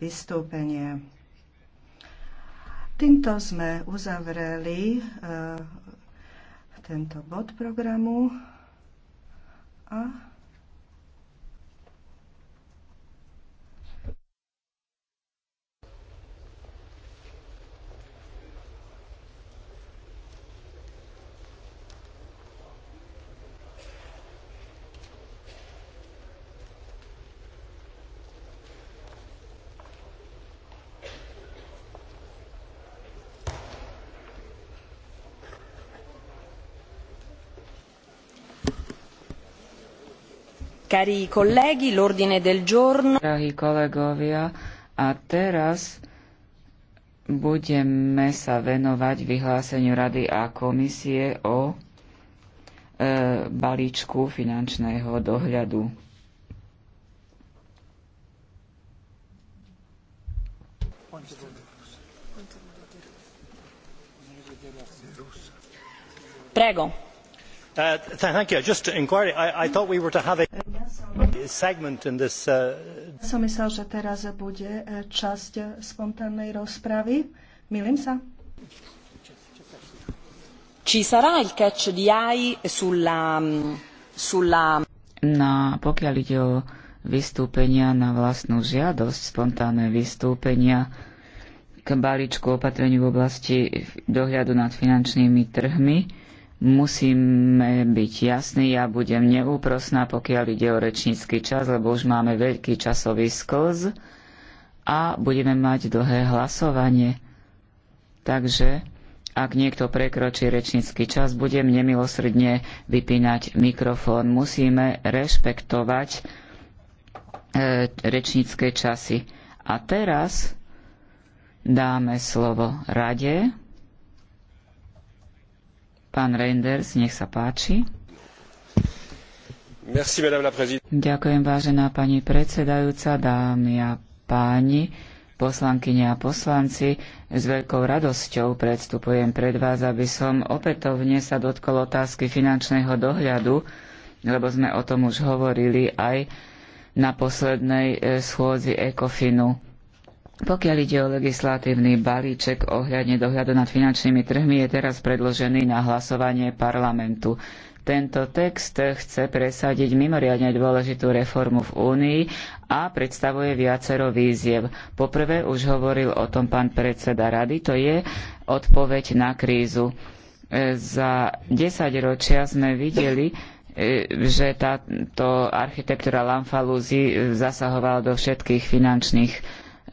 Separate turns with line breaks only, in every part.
vystúpenie. Týmto sme uzavreli eh, tento bod programu a
Cari colleghi, l'ordine del giorno. Drahí kolegovia, a teraz budeme sa venovať vyhláseniu Rady a komisie o e, balíčku finančného dohľadu.
Prego. Uh, thank you. Just to inquire, I, I thought we were to have a... This... Uh,
Som myslel, že teraz bude e, časť spontánnej rozpravy. Milím sa.
Ci sarà il catch di AI sulla, sulla... Na, pokiaľ ide o vystúpenia na vlastnú žiadosť, spontánne vystúpenia k balíčku opatrení v oblasti dohľadu nad finančnými trhmi, Musíme byť jasní, ja budem neúprosná, pokiaľ ide o rečnícky čas, lebo už máme veľký časový sklz a budeme mať dlhé hlasovanie. Takže ak niekto prekročí rečnícky čas, budem nemilosrdne vypínať mikrofón. Musíme rešpektovať e, rečnícke časy. A teraz dáme slovo rade. Pán Reinders, nech sa páči. Merci, Ďakujem, vážená pani predsedajúca, dámy a páni, poslankyne a poslanci. S veľkou radosťou predstupujem pred vás, aby som opätovne sa dotkol otázky finančného dohľadu, lebo sme o tom už hovorili aj na poslednej eh, schôdzi ECOFINu. Pokiaľ ide o legislatívny balíček ohľadne dohľadu nad finančnými trhmi, je teraz predložený na hlasovanie parlamentu. Tento text chce presadiť mimoriadne dôležitú reformu v Únii a predstavuje viacero víziev. Poprvé už hovoril o tom pán predseda rady, to je odpoveď na krízu. E, za 10 ročia sme videli, e, že táto architektúra Lamfalúzy zasahovala do všetkých finančných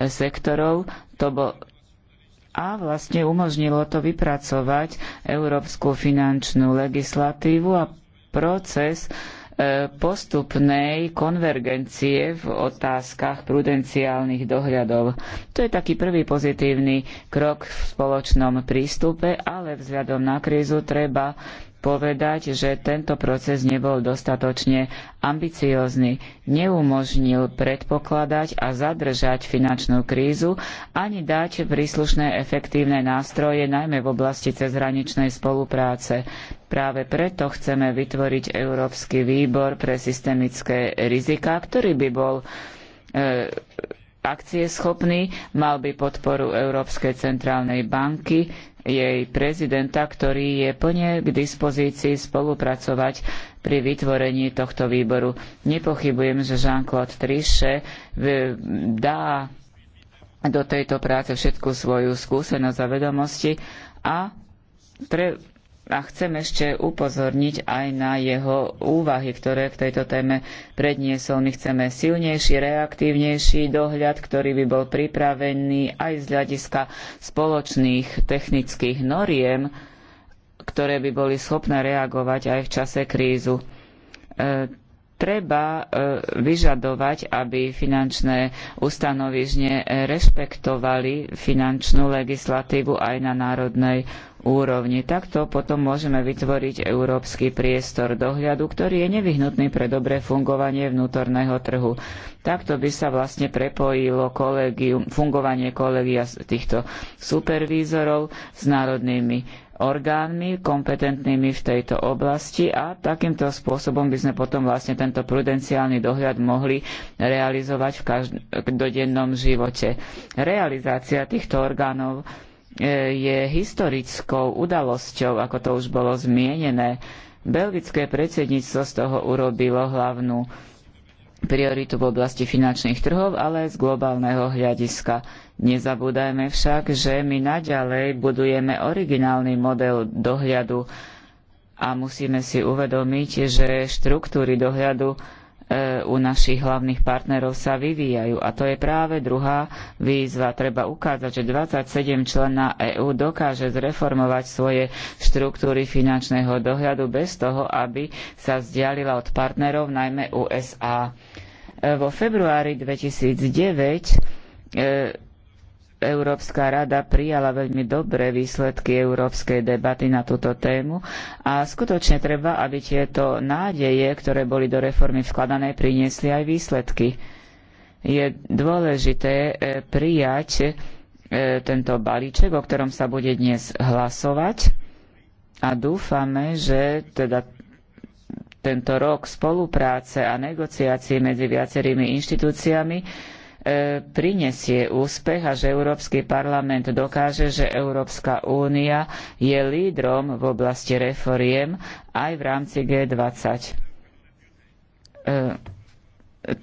sektorov. To bol, a vlastne umožnilo to vypracovať európsku finančnú legislatívu a proces e, postupnej konvergencie v otázkach prudenciálnych dohľadov. To je taký prvý pozitívny krok v spoločnom prístupe, ale vzhľadom na krízu treba povedať, že tento proces nebol dostatočne ambiciózny, neumožnil predpokladať a zadržať finančnú krízu ani dať príslušné efektívne nástroje, najmä v oblasti cezhraničnej spolupráce. Práve preto chceme vytvoriť Európsky výbor pre systemické riziká, ktorý by bol e, akcieschopný, mal by podporu Európskej centrálnej banky, jej prezidenta, ktorý je plne k dispozícii spolupracovať pri vytvorení tohto výboru. Nepochybujem, že Jean-Claude Trichet eh, dá do tejto práce všetku svoju skúsenosť a vedomosti a pre, a chcem ešte upozorniť aj na jeho úvahy, ktoré k tejto téme predniesol. My chceme silnejší, reaktívnejší dohľad, ktorý by bol pripravený aj z hľadiska spoločných technických noriem, ktoré by boli schopné reagovať aj v čase krízu. E, treba e, vyžadovať, aby finančné ustanovižne rešpektovali finančnú legislatívu aj na národnej úrovni. Takto potom môžeme vytvoriť európsky priestor dohľadu, ktorý je nevyhnutný pre dobré fungovanie vnútorného trhu. Takto by sa vlastne prepojilo kolegium, fungovanie kolegia týchto supervízorov s národnými orgánmi kompetentnými v tejto oblasti a takýmto spôsobom by sme potom vlastne tento prudenciálny dohľad mohli realizovať v každodennom živote. Realizácia týchto orgánov e, je historickou udalosťou, ako to už bolo zmienené. Belgické predsedníctvo z toho urobilo hlavnú prioritu v oblasti finančných trhov, ale aj z globálneho hľadiska. Nezabúdajme však, že my naďalej budujeme originálny model dohľadu a musíme si uvedomiť, že štruktúry dohľadu e, u našich hlavných partnerov sa vyvíjajú. A to je práve druhá výzva. Treba ukázať, že 27 člena EÚ dokáže zreformovať svoje štruktúry finančného dohľadu bez toho, aby sa vzdialila od partnerov, najmä USA. E, vo februári 2009 Európska rada prijala veľmi dobré výsledky európskej debaty na túto tému a skutočne treba, aby tieto nádeje, ktoré boli do reformy vkladané, priniesli aj výsledky. Je dôležité e, prijať e, tento balíček, o ktorom sa bude dnes hlasovať a dúfame, že teda tento rok spolupráce a negociácií medzi viacerými inštitúciami E, prinesie úspech a že Európsky parlament dokáže, že Európska únia je lídrom v oblasti reforiem aj v rámci G20. E,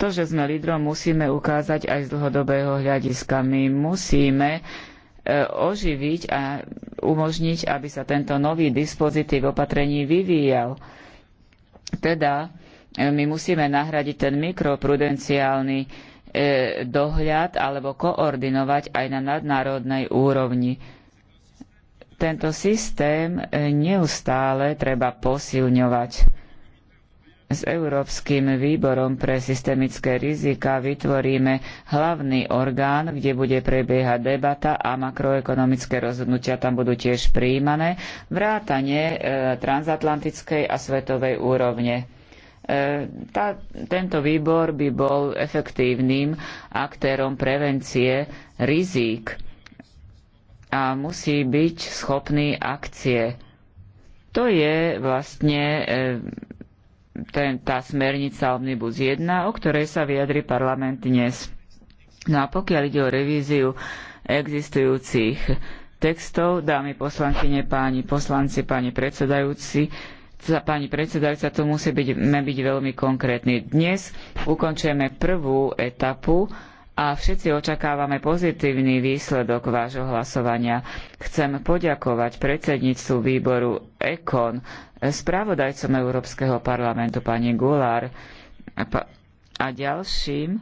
to, že sme lídrom, musíme ukázať aj z dlhodobého hľadiska. My musíme e, oživiť a umožniť, aby sa tento nový dispozitív opatrení vyvíjal. Teda my musíme nahradiť ten mikroprudenciálny E, dohľad alebo koordinovať aj na nadnárodnej úrovni. Tento systém e, neustále treba posilňovať. S Európskym výborom pre systemické rizika vytvoríme hlavný orgán, kde bude prebiehať debata a makroekonomické rozhodnutia tam budú tiež prijímané, vrátane e, transatlantickej a svetovej úrovne. E, tá, tento výbor by bol efektívnym aktérom prevencie rizík a musí byť schopný akcie. To je vlastne e, ten, tá smernica Omnibus 1, o ktorej sa vyjadri parlament dnes. No a pokiaľ ide o revíziu existujúcich textov, dámy poslankyne, páni poslanci, páni predsedajúci, pani predsedajúca, tu musíme byť, byť veľmi konkrétni. Dnes ukončujeme prvú etapu a všetci očakávame pozitívny výsledok vášho hlasovania. Chcem poďakovať predsedníctvu výboru ECON, spravodajcom Európskeho parlamentu pani Gulár a ďalším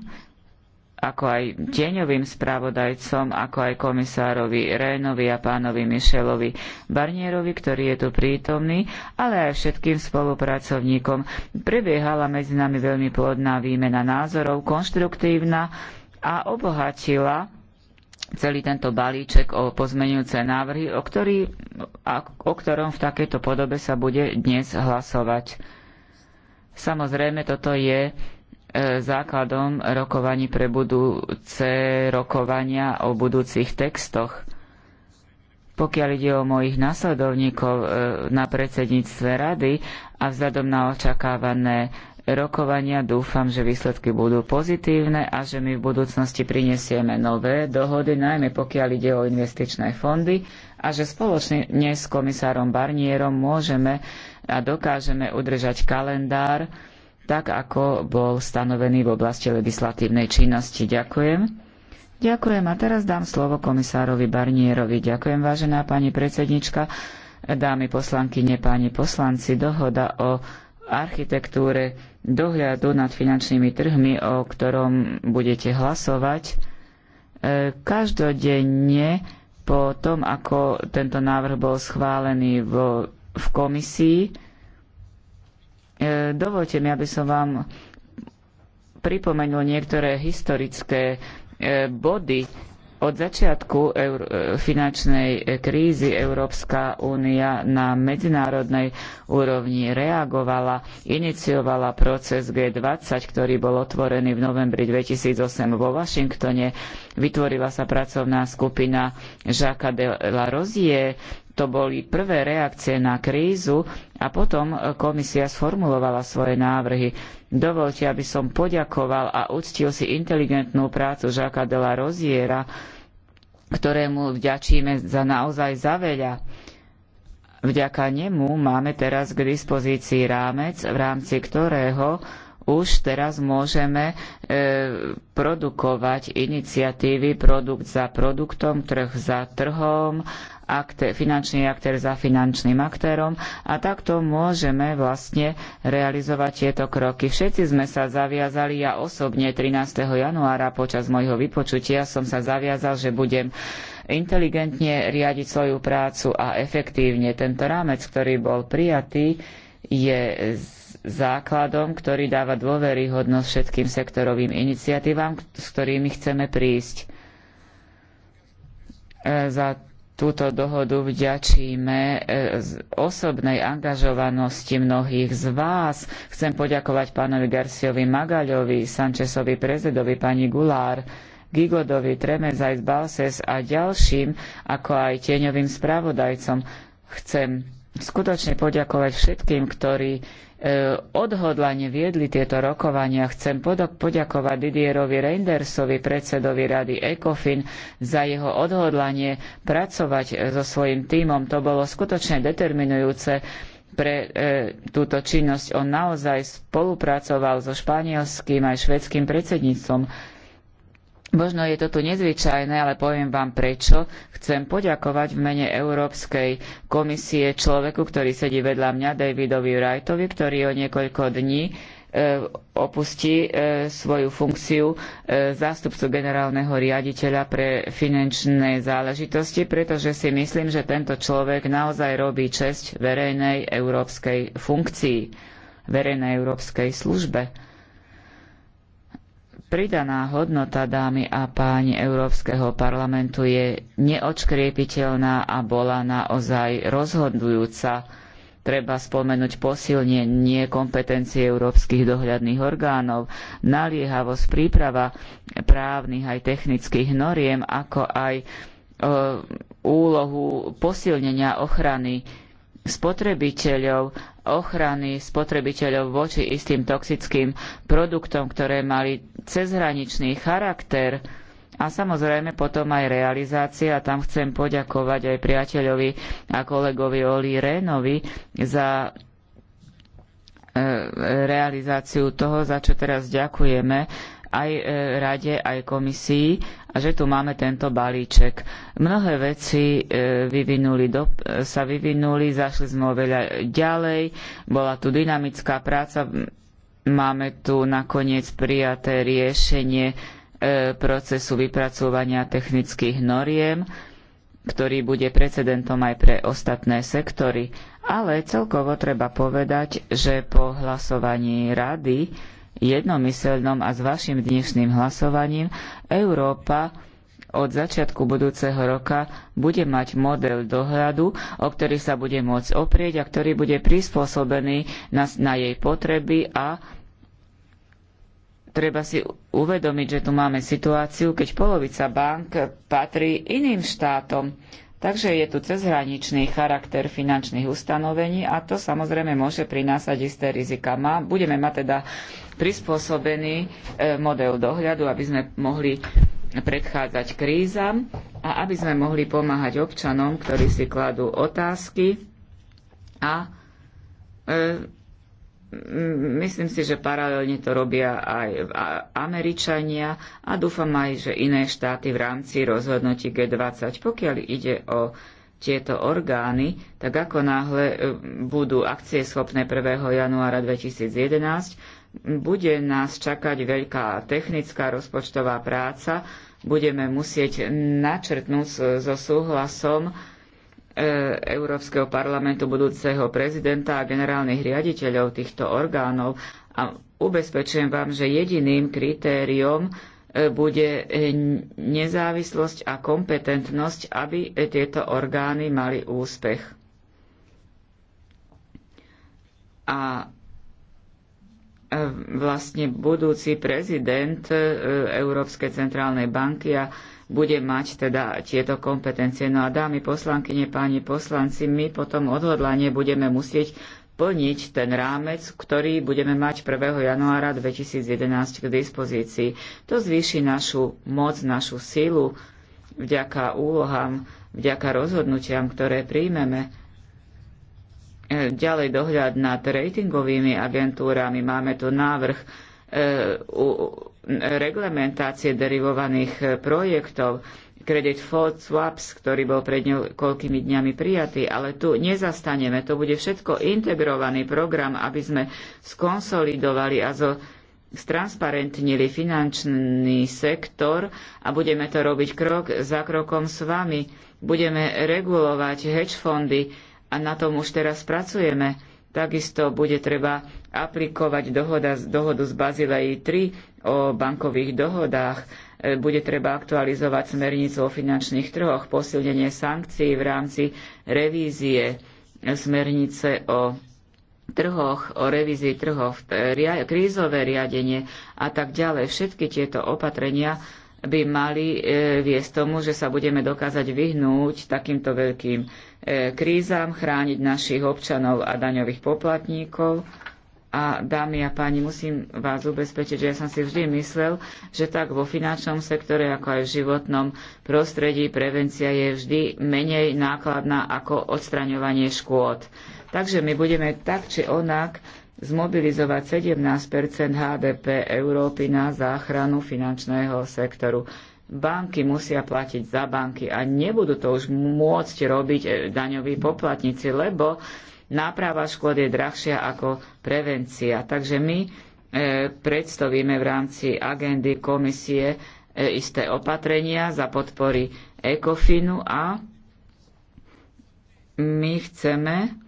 ako aj tieňovým spravodajcom, ako aj komisárovi Rénovi a pánovi Michelovi Barnierovi, ktorý je tu prítomný, ale aj všetkým spolupracovníkom. Prebiehala medzi nami veľmi plodná výmena názorov, konštruktívna a obohatila celý tento balíček o pozmenujúce návrhy, o, ktorý, o ktorom v takejto podobe sa bude dnes hlasovať. Samozrejme, toto je základom rokovaní pre budúce rokovania o budúcich textoch. Pokiaľ ide o mojich nasledovníkov e, na predsedníctve rady a vzhľadom na očakávané rokovania dúfam, že výsledky budú pozitívne a že my v budúcnosti prinesieme nové dohody, najmä pokiaľ ide o investičné fondy a že spoločne s komisárom Barnierom môžeme a dokážeme udržať kalendár, tak ako bol stanovený v oblasti legislatívnej činnosti. Ďakujem. Ďakujem a teraz dám slovo komisárovi Barnierovi. Ďakujem, vážená pani predsednička, dámy poslankyne, páni poslanci. Dohoda o architektúre dohľadu nad finančnými trhmi, o ktorom budete hlasovať, e, každodenne po tom, ako tento návrh bol schválený v komisii, E, Dovolte mi, aby som vám pripomenul niektoré historické e, body. Od začiatku e, finančnej krízy Európska únia na medzinárodnej úrovni reagovala, iniciovala proces G20, ktorý bol otvorený v novembri 2008 vo Washingtone. Vytvorila sa pracovná skupina Jacques de la Rosier, to boli prvé reakcie na krízu a potom e, komisia sformulovala svoje návrhy. Dovolte, aby som poďakoval a uctil si inteligentnú prácu Žaka de la Roziera, ktorému vďačíme za naozaj za veľa. Vďaka nemu máme teraz k dispozícii rámec, v rámci ktorého už teraz môžeme e, produkovať iniciatívy produkt za produktom, trh za trhom, aktér, finančný aktér za finančným aktérom a takto môžeme vlastne realizovať tieto kroky. Všetci sme sa zaviazali, ja osobne 13. januára počas môjho vypočutia som sa zaviazal, že budem inteligentne riadiť svoju prácu a efektívne. Tento rámec, ktorý bol prijatý, je základom, ktorý dáva dôveryhodnosť všetkým sektorovým iniciatívam, s ktorými chceme prísť. E, za túto dohodu vďačíme e, osobnej angažovanosti mnohých z vás. Chcem poďakovať pánovi Garciovi Magaľovi, Sančesovi Prezedovi, pani Gulár, Gigodovi, Tremezajs, Balses a ďalším, ako aj tieňovým spravodajcom. Chcem skutočne poďakovať všetkým, ktorí E, odhodlane viedli tieto rokovania. Chcem poďakovať Didierovi Reindersovi, predsedovi rady ECOFIN, za jeho odhodlanie pracovať e, so svojím tímom. To bolo skutočne determinujúce pre e, túto činnosť. On naozaj spolupracoval so španielským aj švedským predsedníctvom Možno je to tu nezvyčajné, ale poviem vám prečo. Chcem poďakovať v mene Európskej komisie človeku, ktorý sedí vedľa mňa, Davidovi Wrightovi, ktorý o niekoľko dní e, opustí e, svoju funkciu e, zástupcu generálneho riaditeľa pre finančné záležitosti, pretože si myslím, že tento človek naozaj robí česť verejnej európskej funkcii, verejnej európskej službe Pridaná hodnota dámy a páni Európskeho parlamentu je neodškriepiteľná a bola naozaj rozhodujúca. Treba spomenúť posilnenie kompetencie európskych dohľadných orgánov, naliehavosť príprava právnych aj technických noriem, ako aj e, úlohu posilnenia ochrany spotrebiteľov, ochrany spotrebiteľov voči istým toxickým produktom, ktoré mali cezhraničný charakter a samozrejme potom aj realizácia. A tam chcem poďakovať aj priateľovi a kolegovi Oli Rénovi za e, realizáciu toho, za čo teraz ďakujeme aj e, rade, aj komisii a že tu máme tento balíček. Mnohé veci e, vyvinuli do, e, sa vyvinuli, zašli sme oveľa ďalej, bola tu dynamická práca, máme tu nakoniec prijaté riešenie e, procesu vypracovania technických noriem, ktorý bude precedentom aj pre ostatné sektory. Ale celkovo treba povedať, že po hlasovaní rady jednomyselnom a s vašim dnešným hlasovaním Európa od začiatku budúceho roka bude mať model dohľadu, o ktorý sa bude môcť oprieť a ktorý bude prispôsobený na, na jej potreby a treba si uvedomiť, že tu máme situáciu, keď polovica bank patrí iným štátom. Takže je tu cezhraničný charakter finančných ustanovení a to samozrejme môže prinásať isté rizika. Má, budeme mať teda prispôsobený e, model dohľadu, aby sme mohli predchádzať krízam a aby sme mohli pomáhať občanom, ktorí si kladú otázky a e, myslím si, že paralelne to robia aj Američania a dúfam aj, že iné štáty v rámci rozhodnutí G20. Pokiaľ ide o tieto orgány, tak ako náhle e, budú akcie schopné 1. januára 2011, bude nás čakať veľká technická rozpočtová práca, budeme musieť načrtnúť so súhlasom E, Európskeho parlamentu budúceho prezidenta a generálnych riaditeľov týchto orgánov a ubezpečujem vám, že jediným kritériom e, bude e, nezávislosť a kompetentnosť, aby tieto orgány mali úspech. A vlastne budúci prezident Európskej centrálnej banky a bude mať teda tieto kompetencie. No a dámy poslankyne, páni poslanci, my potom odhodlanie budeme musieť plniť ten rámec, ktorý budeme mať 1. januára 2011 k dispozícii. To zvýši našu moc, našu silu vďaka úlohám, vďaka rozhodnutiam, ktoré príjmeme. E, ďalej dohľad nad ratingovými agentúrami. Máme tu návrh e, u, reglementácie derivovaných e, projektov, kredit Ford Swaps, ktorý bol pred niekoľkými dňami prijatý, ale tu nezastaneme. To bude všetko integrovaný program, aby sme skonsolidovali a zo stransparentnili finančný sektor a budeme to robiť krok za krokom s vami. Budeme regulovať hedge fondy a na tom už teraz pracujeme Takisto bude treba aplikovať dohoda, dohodu z Bazilei 3 o bankových dohodách. E, bude treba aktualizovať smernicu o finančných trhoch, posilnenie sankcií v rámci revízie smernice o trhoch, o revízii trhov, e, krízové riadenie a tak ďalej. Všetky tieto opatrenia by mali e, viesť tomu, že sa budeme dokázať vyhnúť takýmto veľkým e, krízam, chrániť našich občanov a daňových poplatníkov. A dámy a páni, musím vás ubezpečiť, že ja som si vždy myslel, že tak vo finančnom sektore, ako aj v životnom prostredí, prevencia je vždy menej nákladná ako odstraňovanie škôd. Takže my budeme tak či onak zmobilizovať 17 HDP Európy na záchranu finančného sektoru. Banky musia platiť za banky a nebudú to už môcť robiť e, daňoví poplatníci, lebo náprava škôd je drahšia ako prevencia. Takže my e, predstavíme v rámci agendy komisie e, isté opatrenia za podpory ECOFINu a my chceme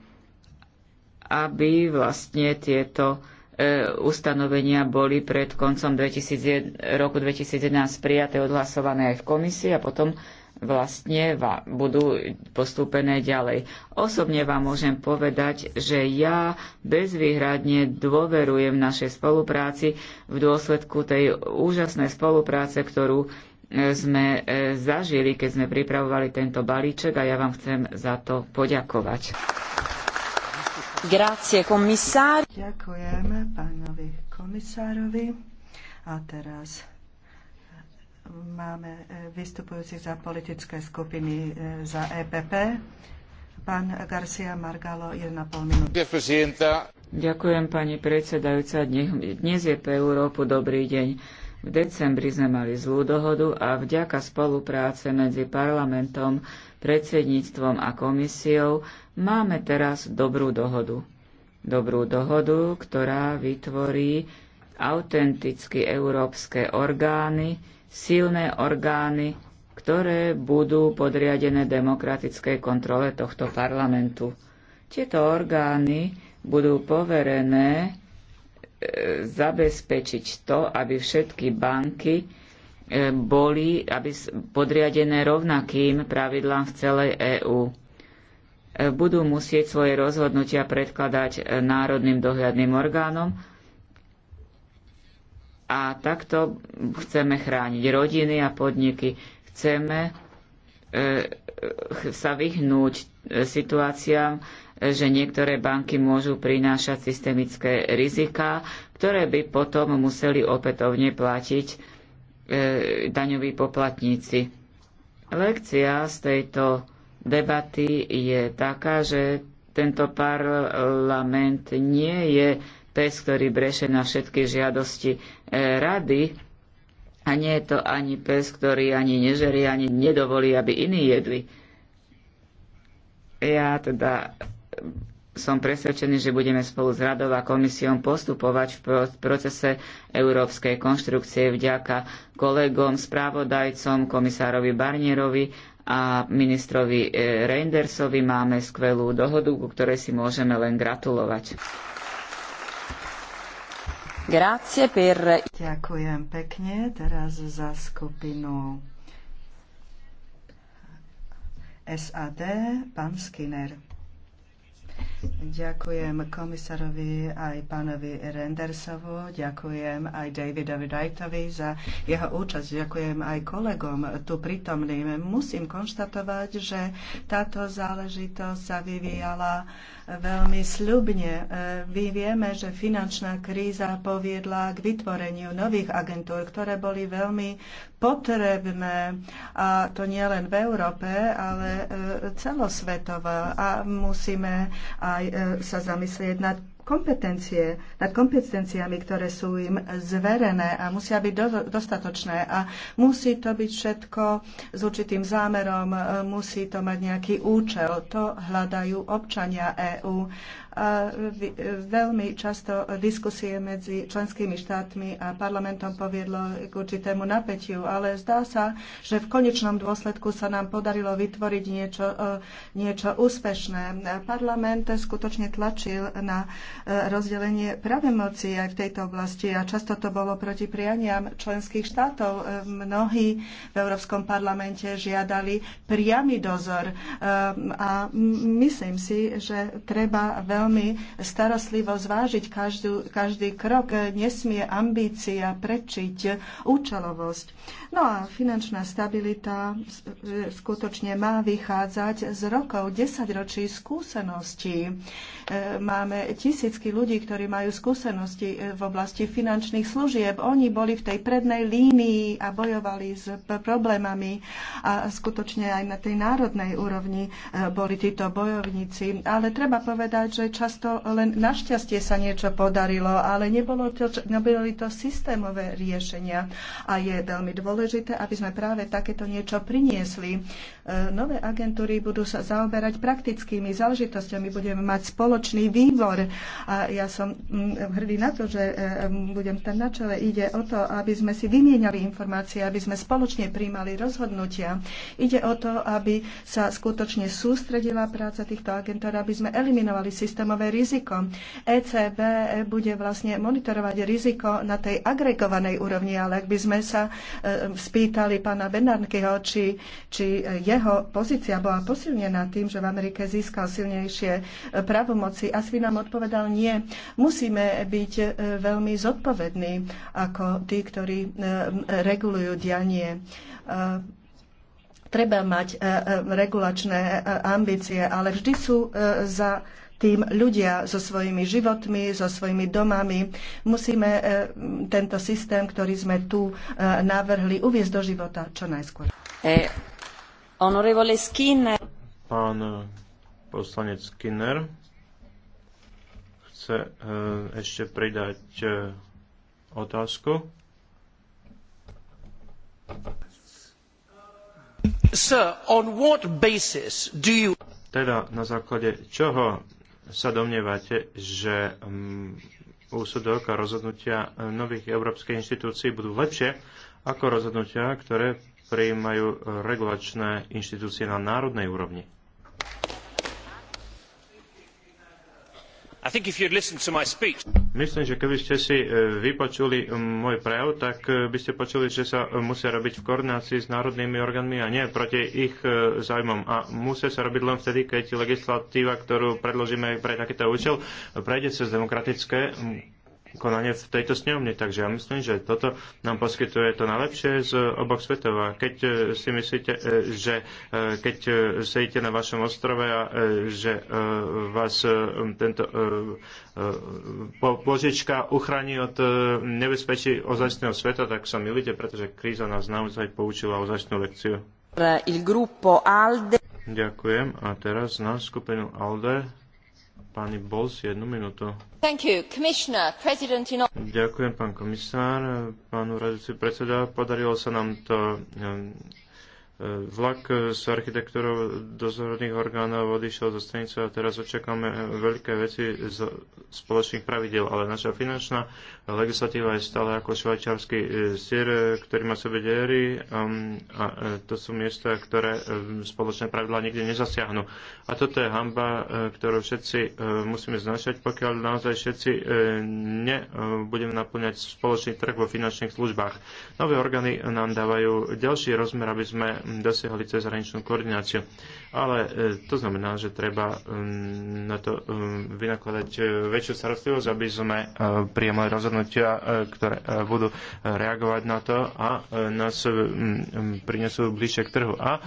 aby vlastne tieto e, ustanovenia boli pred koncom 2001, roku 2011 prijaté, odhlasované aj v komisii a potom vlastne budú postúpené ďalej. Osobne vám môžem povedať, že ja bezvýhradne dôverujem našej spolupráci v dôsledku tej úžasnej spolupráce, ktorú e, sme e, zažili, keď sme pripravovali tento balíček a ja vám chcem za to poďakovať. Ďakujeme
pánovi komisárovi. A teraz máme e, vystupujúcich za politické skupiny e, za EPP. Pán Garcia Margalo, 1,5 minúty.
Ďakujem, pani predsedajúca. Dnes je pre Európu dobrý deň. V decembri sme mali zlú dohodu a vďaka spolupráce medzi parlamentom, predsedníctvom a komisiou máme teraz dobrú dohodu. Dobrú dohodu, ktorá vytvorí autenticky európske orgány, silné orgány, ktoré budú podriadené demokratickej kontrole tohto parlamentu. Tieto orgány budú poverené e, zabezpečiť to, aby všetky banky boli aby podriadené rovnakým pravidlám v celej EÚ. E, budú musieť svoje rozhodnutia predkladať e, národným dohľadným orgánom a takto chceme chrániť rodiny a podniky. Chceme e, sa vyhnúť situáciám, že niektoré banky môžu prinášať systemické riziká, ktoré by potom museli opätovne platiť E, daňoví poplatníci. Lekcia z tejto debaty je taká, že tento parlament nie je pes, ktorý breše na všetky žiadosti e, rady a nie je to ani pes, ktorý ani nežerí, ani nedovolí, aby iní jedli. Ja teda som presvedčený, že budeme spolu s Radou a komisiou postupovať v procese európskej konštrukcie vďaka kolegom, správodajcom, komisárovi Barnierovi a ministrovi e, Reindersovi. Máme skvelú dohodu, ku ktorej si môžeme len gratulovať. Grazie
per... Ďakujem pekne teraz za skupinu SAD, pán Skinner. Ďakujem komisarovi aj pánovi Rendersovu, ďakujem aj Davidovi Wrightovi za jeho účasť, ďakujem aj kolegom tu prítomným. Musím konštatovať, že táto záležitosť sa vyvíjala veľmi sľubne. My vieme, že finančná kríza poviedla k vytvoreniu nových agentúr, ktoré boli veľmi potrebné a to nie len v Európe, ale e, celosvetovo a musíme a aj e, sa zamyslieť nad kompetencie, nad kompetenciami, ktoré sú im zverené a musia byť do, dostatočné. A musí to byť všetko s určitým zámerom, e, musí to mať nejaký účel. To hľadajú občania EÚ a veľmi často diskusie medzi členskými štátmi a parlamentom poviedlo k určitému napätiu, ale zdá sa, že v konečnom dôsledku sa nám podarilo vytvoriť niečo, e, niečo úspešné. Parlament skutočne tlačil na e, rozdelenie pravomocí aj v tejto oblasti a často to bolo proti prianiam členských štátov. E, mnohí v Európskom parlamente žiadali priamy dozor a myslím si, že treba veľmi veľmi starostlivo zvážiť každú, každý krok. Nesmie ambícia prečiť účelovosť No a finančná stabilita e, skutočne má vychádzať z rokov 10 ročí skúseností. E, máme tisícky ľudí, ktorí majú skúsenosti e, v oblasti finančných služieb. Oni boli v tej prednej línii a bojovali s problémami a skutočne aj na tej národnej úrovni boli títo bojovníci. Ale treba povedať, že často len našťastie sa niečo podarilo, ale nebolo to, neboli to systémové riešenia a je veľmi dôležité dôležité, aby sme práve takéto niečo priniesli. E, nové agentúry budú sa zaoberať praktickými záležitosťami, budeme mať spoločný výbor a ja som mm, hrdý na to, že e, mm, budem tam na čele. Ide o to, aby sme si vymieniali informácie, aby sme spoločne príjmali rozhodnutia. Ide o to, aby sa skutočne sústredila práca týchto agentúr, aby sme eliminovali systémové riziko. ECB bude vlastne monitorovať riziko na tej agregovanej úrovni, ale ak by sme sa e, spýtali pána Bernankeho, či, či jeho pozícia bola posilnená tým, že v Amerike získal silnejšie pravomoci, A si nám odpovedal, nie. Musíme byť e, veľmi zodpovední ako tí, ktorí e, regulujú dianie e, treba mať regulačné ambície, ale vždy sú za tým ľudia so svojimi životmi, so svojimi domami. Musíme e, tento systém, ktorý sme tu e, navrhli, uviezť do života čo najskôr.
E,
Pán poslanec Skinner chce ešte pridať otázku. Sir, on what basis do you... Teda na základe čoho sa domnievate, že mm, úsudok a rozhodnutia eh, nových európskej inštitúcií budú lepšie ako rozhodnutia, ktoré prijímajú regulačné inštitúcie na národnej úrovni? Myslím, že keby ste si e, vypočuli môj prejav, tak e, by ste počuli, že sa e, musia robiť v koordinácii s národnými orgánmi a nie proti ich záujmom. A musia sa robiť len vtedy, keď legislatíva, ktorú predložíme pre takýto účel, prejde cez demokratické konanie v tejto snehovni. Takže ja myslím, že toto nám poskytuje to najlepšie z oboch svetov. A keď e, si myslíte, e, že e, keď sedíte na vašom ostrove a že vás tento požička uchrání od nebezpečí ozajstného sveta, tak sa milíte, pretože kríza nás naozaj poučila ozajstnú lekciu. Ďakujem. A teraz na skupinu ALDE Pani Bols, jednu minútu. Ďakujem, pán komisár, pán úradujúci predseda. Podarilo sa nám to ehm, Vlak s architektúrou dozorných orgánov odišiel zo stanice a teraz očakáme veľké veci z spoločných pravidel, ale naša finančná legislatíva je stále ako švajčiarsky e, sier, e, ktorý má sebe diery um, a e, to sú miesta, ktoré spoločné pravidlá nikdy nezasiahnu. A toto je hamba, ktorú všetci musíme znašať, pokiaľ naozaj všetci nebudeme naplňať spoločný trh vo finančných službách. Nové orgány nám dávajú ďalší rozmer, aby sme dosiahli hraničnú koordináciu. Ale e, to znamená, že treba na to vynakladať e, väčšiu starostlivosť, aby sme e, prijemali rozhodnutia, ktoré budú reagovať na to a nás prinesú bližšie k trhu. A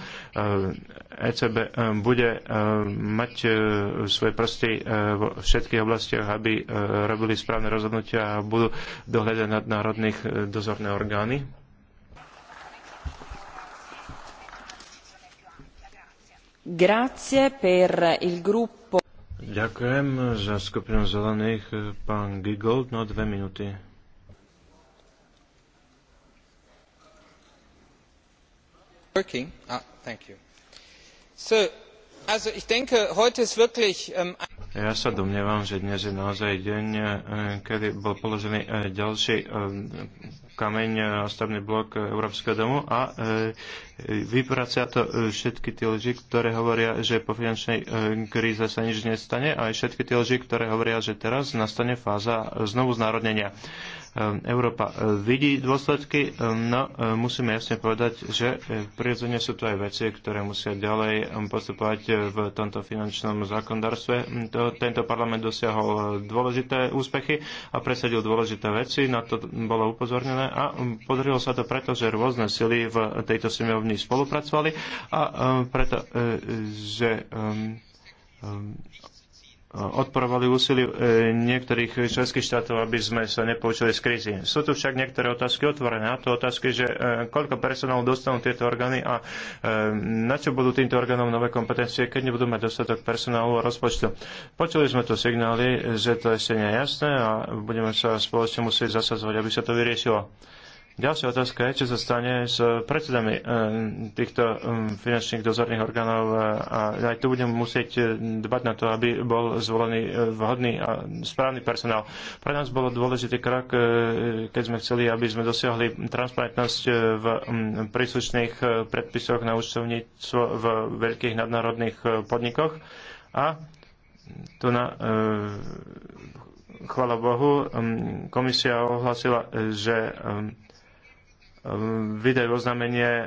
ECB bude mať svoje prsty vo všetkých oblastiach, aby robili správne rozhodnutia a budú dohľadať nad národných dozorné orgány.
Grazie per il gruppo.
Ďakujem za skupinu zelených. Pán Gigold, no dve minúty. Working. Ah, thank you. So, also ich denke, heute ist wirklich... Um... Ja sa domnievam, že dnes je naozaj deň, e, kedy bol položený e, ďalší e, kameň a stavný blok Európskeho domu a vypracia to všetky tie lži, ktoré hovoria, že po finančnej kríze sa nič nestane a aj všetky tie lži, ktoré hovoria, že teraz nastane fáza znovu znárodnenia. Ehm, Európa e, vidí dôsledky, e, no e, musíme jasne povedať, že prirodzene sú to aj veci, ktoré musia ďalej postupovať v tomto finančnom zákondarstve. Hm, tento parlament dosiahol dôležité úspechy a presadil dôležité veci, na to bolo upozornené a hm, podarilo sa to preto, že rôzne sily v tejto semiovni spolupracovali a preto, že hm, odporovali úsilí e, niektorých členských štátov, aby sme sa nepoučili z krízy. Sú tu však niektoré otázky otvorené. A to otázky, že e, koľko personálu dostanú tieto orgány a e, na čo budú týmto orgánom nové kompetencie, keď nebudú mať dostatok personálu a rozpočtu. Počuli sme tu signály, že to ešte nie je jasné a budeme sa spoločne musieť zasazovať, aby sa to vyriešilo. Ďalšia otázka je, čo sa stane s predsedami eh, týchto mm, finančných dozorných orgánov eh, a aj tu budem musieť eh, dbať na to, aby bol zvolený vhodný a správny personál. Pre nás bolo dôležitý krok, keď sme chceli, aby sme dosiahli transparentnosť v mm, príslušných predpisoch na účtovníctvo v veľkých nadnárodných podnikoch a tu na chvala Bohu, mm, komisia ohlasila, že vydajú oznámenie eh,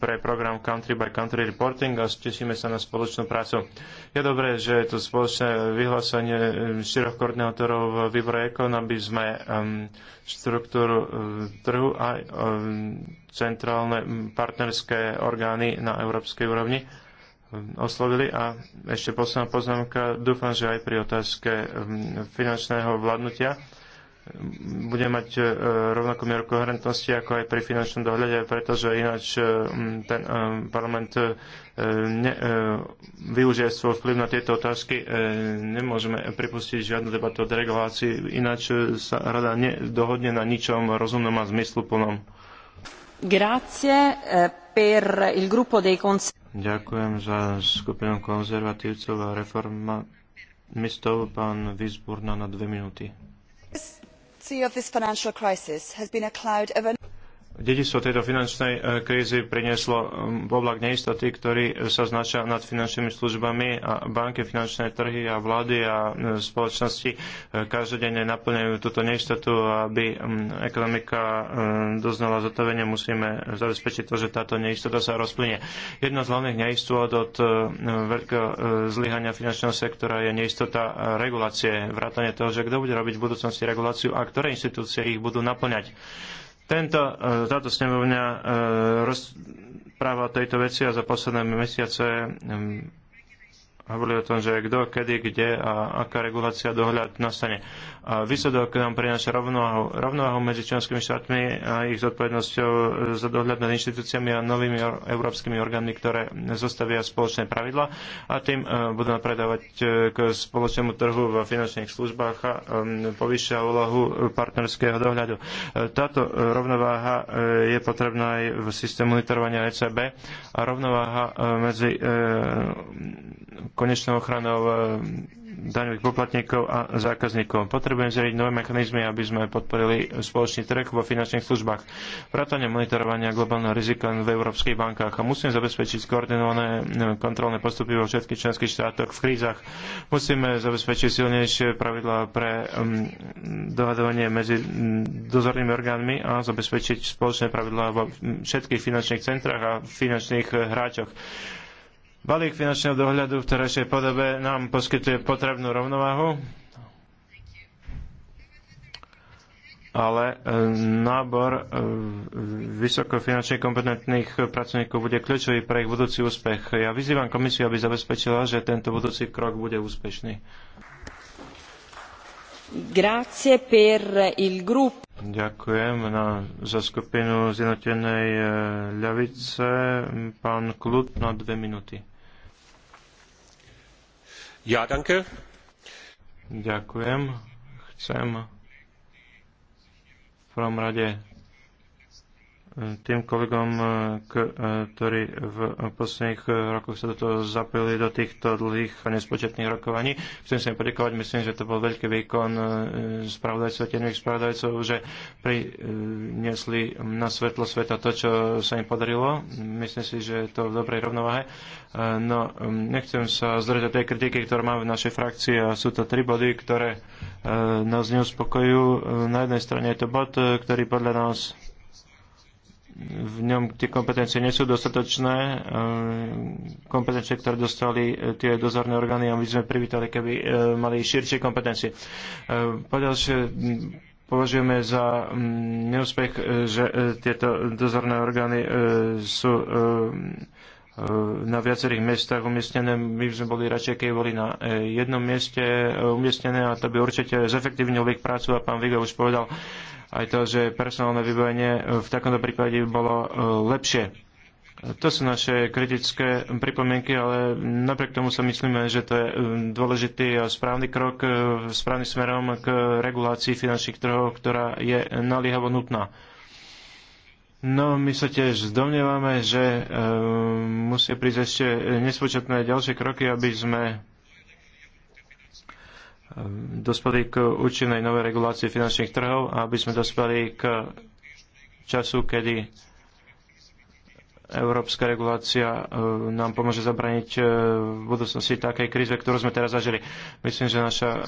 pre program Country by Country Reporting a tešíme sa na spoločnú prácu. Je dobré, že je to spoločné vyhlásenie eh, štyroch koordinátorov v výbore Ekon, aby sme eh, štruktúru trhu a centrálne hm, partnerské orgány na európskej úrovni hm, oslovili. A ešte posledná poznámka, dúfam, že aj pri otázke hm, finančného vládnutia bude mať e, rovnakú mieru koherentnosti ako aj pri finančnom dohľade, pretože ináč e, ten e, parlament ne, využije svoj vplyv na tieto otázky. Nemôžeme pripustiť žiadnu debatu o deregulácii, ináč sa rada nedohodne na ničom rozumnom a zmysluplnom. Ďakujem za skupinu konzervatívcov a reformistov. Pán Vizburna na dve minúty
legacy of this financial crisis has been a cloud of
Dedičstvo tejto finančnej e, krízy prinieslo e, oblak neistoty, ktorý sa značia nad finančnými službami a banky, finančné trhy a vlády a e, spoločnosti každodenne naplňajú túto neistotu a aby ekonomika doznala zotovenie, musíme zabezpečiť to, že táto neistota sa rozplynie. Jedna z hlavných neistot od veľkého zlyhania finančného sektora je neistota regulácie, vrátanie toho, že kto bude robiť v budúcnosti reguláciu a ktoré inštitúcie ich budú naplňať tento, e, táto snemovňa e, rozpráva o tejto veci a za posledné mesiace hovorili o tom, že kto, kedy, kde a aká regulácia dohľad nastane. A výsledok nám prináša rovnováhu, rovnováhu medzi členskými štátmi a ich zodpovednosťou za dohľad nad inštitúciami a novými európskymi orgánmi, ktoré zostavia spoločné pravidla a tým e, budú napredávať e, k spoločnému trhu v finančných službách a e, povyššia úlohu partnerského dohľadu. Táto rovnováha je potrebná aj v systému monitorovania ECB a rovnováha medzi konečnou ochranou eh, daňových poplatníkov a zákazníkov. Potrebujem zrieť nové mechanizmy, aby sme podporili spoločný trh vo finančných službách, Vrátanie monitorovania globálneho rizika v európskych bankách a musíme zabezpečiť koordinované eh, kontrolné postupy vo všetkých členských štátoch v krízach. Musíme zabezpečiť silnejšie pravidlá pre mm, dohadovanie medzi mm, dozornými orgánmi a zabezpečiť spoločné pravidlá vo všetkých finančných centrách a finančných eh, hráčoch Balík finančného dohľadu v terajšej podobe nám poskytuje potrebnú rovnováhu, ale e, nábor e, vysokofinančne kompetentných pracovníkov bude kľúčový pre ich budúci úspech. Ja vyzývam komisiu, aby zabezpečila, že tento budúci krok bude úspešný.
Grazie per il gruppo.
Ďakujem na, za skupinu zjednotenej e, ľavice. Pán Klut na dve minúty. Ja, danke. Ďakujem. Chcem v prvom rade tým kolegom, e, e, ktorí v posledných e, rokoch sa do toho zapili do týchto dlhých a nespočetných rokovaní. Chcem sa im poďakovať, myslím, že to bol veľký výkon spravodajcov, tenových spravodajcov, že priniesli na svetlo sveta to, čo sa im podarilo. Myslím si, že je to v dobrej rovnováhe. No, nechcem sa zdrieť tej kritiky, ktorú máme v našej frakcii a sú to tri body, ktoré nás neuspokojujú. Na jednej strane je to bod, ktorý podľa nás v ňom tie kompetencie nie sú dostatočné. E, kompetencie, ktoré dostali e, tie dozorné orgány, a my sme privítali, keby e, mali širšie kompetencie. Poďalšie považujeme za neúspech, že tieto dozorné orgány sú na viacerých miestach umiestnené. My sme boli radšej, keď boli na jednom mieste umiestnené a to by určite zefektívnilo ich prácu a pán Vigo už povedal, aj to, že personálne vybavenie v takomto prípade bolo e, lepšie. To sú naše kritické pripomienky, ale napriek tomu sa myslíme, že to je e, dôležitý a správny krok e, správnym smerom k regulácii finančných trhov, ktorá je naliehavo nutná. No, my sa tiež zdomnievame, že e, musia prísť ešte nespočetné ďalšie kroky, aby sme dospeli k účinnej novej regulácii finančných trhov a aby sme dospeli k času, kedy európska regulácia e, nám pomôže zabraniť e, v budúcnosti takej kríze, ktorú sme teraz zažili. Myslím, že naša e,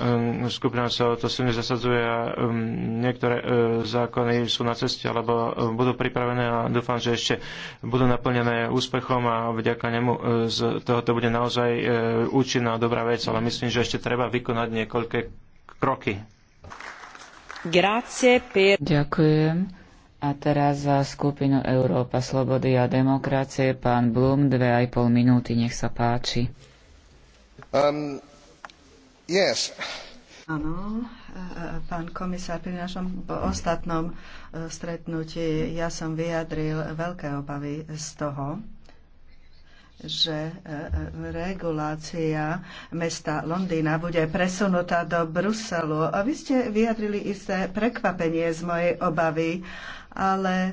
skupina sa o to silne zasadzuje a um, niektoré zákony sú na ceste alebo budú pripravené a dúfam, že ešte budú naplnené úspechom a vďaka nemu z tohoto bude naozaj účinná dobrá vec, ale myslím, že ešte treba vykonať niekoľké kroky.
Grazie per... Ďakujem a teraz za skupinu Európa Slobody a demokracie pán Blum, dve aj pol minúty, nech sa páči.
Um, yes. Áno, e, pán komisár, pri našom ostatnom e, stretnutí ja som vyjadril veľké obavy z toho, že e, regulácia mesta Londýna bude presunutá do Bruselu. A vy ste vyjadrili isté prekvapenie z mojej obavy ale e,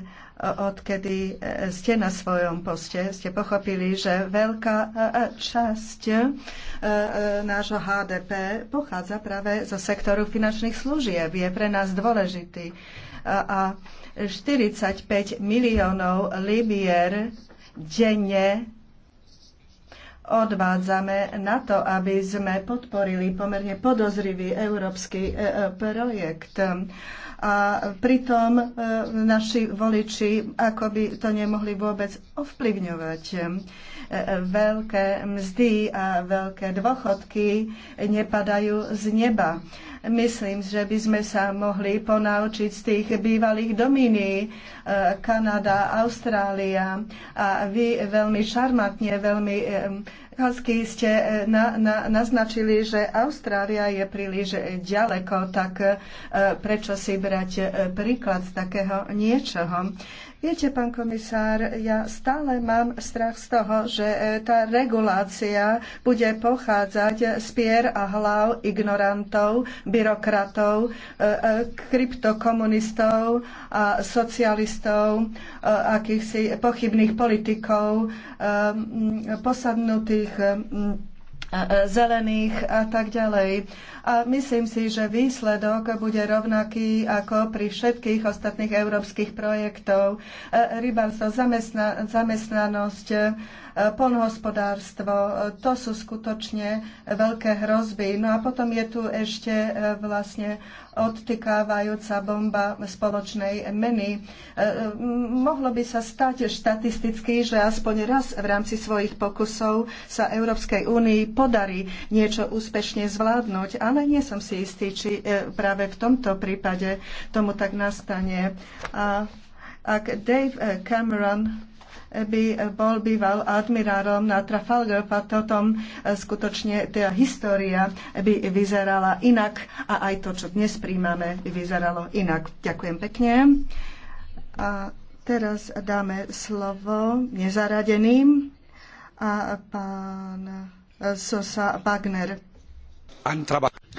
odkedy e, ste na svojom poste, ste pochopili, že veľká e, časť nášho HDP pochádza práve zo sektoru finančných služieb. Je pre nás dôležitý. A 45 miliónov libier denne odvádzame na to, aby sme podporili pomerne podozrivý európsky e, e, projekt. A pritom e, naši voliči akoby to nemohli vôbec ovplyvňovať veľké mzdy a veľké dôchodky nepadajú z neba. Myslím, že by sme sa mohli ponaučiť z tých bývalých domíní e, Kanada, Austrália a vy veľmi šarmantne, veľmi e, Hasky ste e, na, na, naznačili, že Austrália je príliš ďaleko, tak prečo si brať príklad z takého niečoho? Viete, pán komisár, ja stále mám strach z toho, že e, tá regulácia bude pochádzať z pier a hlav ignorantov, byrokratov, e, e, kryptokomunistov a socialistov, akýchsi pochybných politikov, posadnutých E, zelených a tak ďalej. A myslím si, že výsledok bude rovnaký ako pri všetkých ostatných európskych projektov. E, Rybárstvo, zamestnanosť, polnohospodárstvo. To sú skutočne veľké hrozby. No a potom je tu ešte e, vlastne odtykávajúca bomba spoločnej meny. E, mohlo by sa stať štatisticky, že aspoň raz v rámci svojich pokusov sa Európskej únii podarí niečo úspešne zvládnuť, ale nie som si istý, či e, práve v tomto prípade tomu tak nastane. A ak Dave Cameron by bol býval admirárom na Trafalgar, a potom e, skutočne tá história by vyzerala inak a aj to, čo dnes príjmame, by vyzeralo inak. Ďakujem pekne. A teraz dáme slovo nezaradeným a pán Sosa Wagner.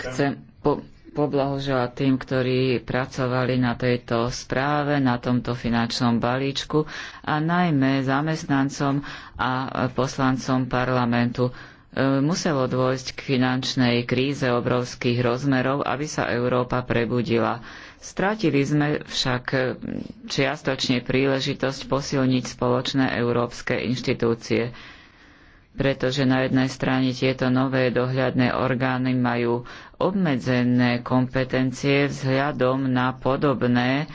Chcem po poblahoželať tým, ktorí pracovali na tejto správe, na tomto finančnom balíčku a najmä zamestnancom a poslancom parlamentu. E, muselo dôjsť k finančnej kríze obrovských rozmerov, aby sa Európa prebudila. Stratili sme však e, čiastočne príležitosť posilniť spoločné európske inštitúcie pretože na jednej strane tieto nové dohľadné orgány majú obmedzené kompetencie vzhľadom na podobné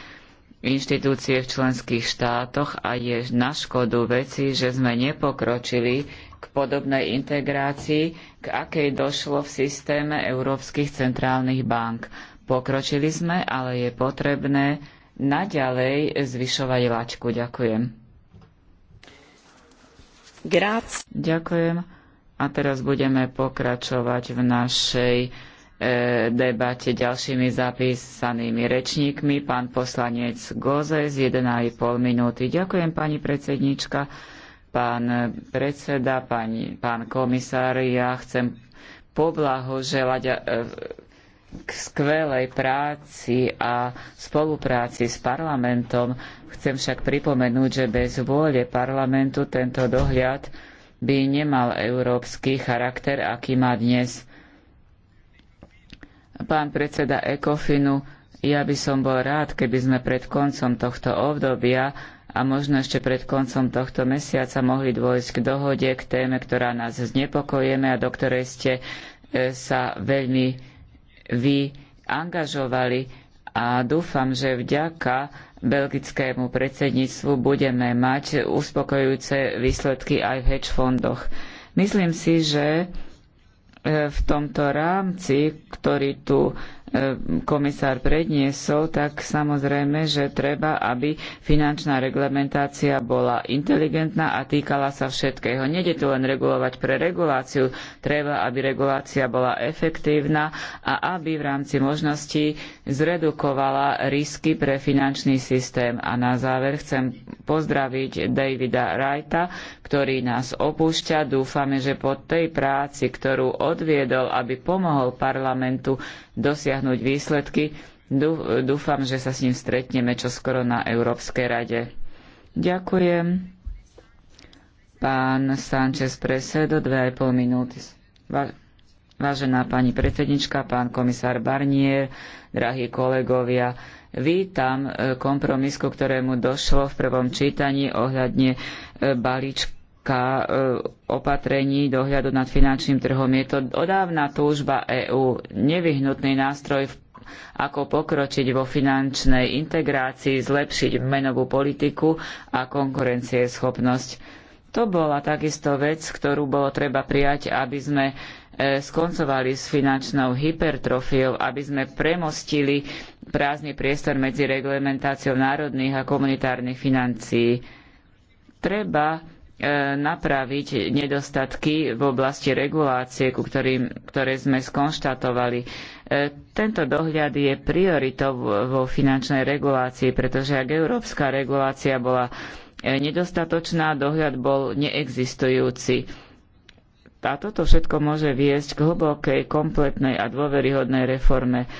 inštitúcie v členských štátoch a je na škodu veci, že sme nepokročili k podobnej integrácii, k akej došlo v systéme európskych centrálnych bank. Pokročili sme, ale je potrebné naďalej zvyšovať laťku. Ďakujem. Ďakujem. A teraz budeme pokračovať v našej e, debate ďalšími zapísanými rečníkmi. Pán poslanec Goze z 1,5 minúty. Ďakujem, pani predsednička, pán predseda, pani, pán komisár. Ja chcem poblahoželať e, k skvelej práci a spolupráci s parlamentom Chcem však pripomenúť, že bez vôle parlamentu tento dohľad by nemal európsky charakter, aký má dnes. Pán predseda Ekofinu, ja by som bol rád, keby sme pred koncom tohto obdobia a možno ešte pred koncom tohto mesiaca mohli dôjsť k dohode, k téme, ktorá nás znepokojeme a do ktorej ste e, sa veľmi vy angažovali. A dúfam, že vďaka belgickému predsedníctvu budeme mať uspokojujúce výsledky aj v hedge fondoch. Myslím si, že e, v tomto rámci, ktorý tu komisár predniesol, tak samozrejme, že treba, aby finančná reglementácia bola inteligentná a týkala sa všetkého. Nede tu len regulovať pre reguláciu, treba, aby regulácia bola efektívna a aby v rámci možností zredukovala risky pre finančný systém. A na záver chcem pozdraviť Davida Wrighta, ktorý nás opúšťa. Dúfame, že po tej práci, ktorú odviedol, aby pomohol parlamentu dosiahnuť výsledky, dúfam, že sa s ním stretneme čoskoro na Európskej rade. Ďakujem. Pán Sánchez Presedo, dve aj pol minúty. Vážená pani predsednička, pán komisár Barnier, drahí kolegovia, vítam e, kompromis, ku ktorému došlo v prvom čítaní ohľadne e, balíčka otázka e, opatrení dohľadu nad finančným trhom. Je to odávna túžba EÚ, nevyhnutný nástroj, ako pokročiť vo finančnej integrácii, zlepšiť menovú politiku a konkurencieschopnosť. To bola takisto vec, ktorú bolo treba prijať, aby sme e, skoncovali s finančnou hypertrofiou, aby sme premostili prázdny priestor medzi reglementáciou národných a komunitárnych financií. Treba E, napraviť nedostatky v oblasti regulácie, ku ktorým, ktoré sme skonštatovali. E, tento dohľad je prioritou vo finančnej regulácii, pretože ak európska regulácia bola e, nedostatočná, dohľad bol neexistujúci. A toto všetko môže viesť k hlbokej, kompletnej a dôveryhodnej reforme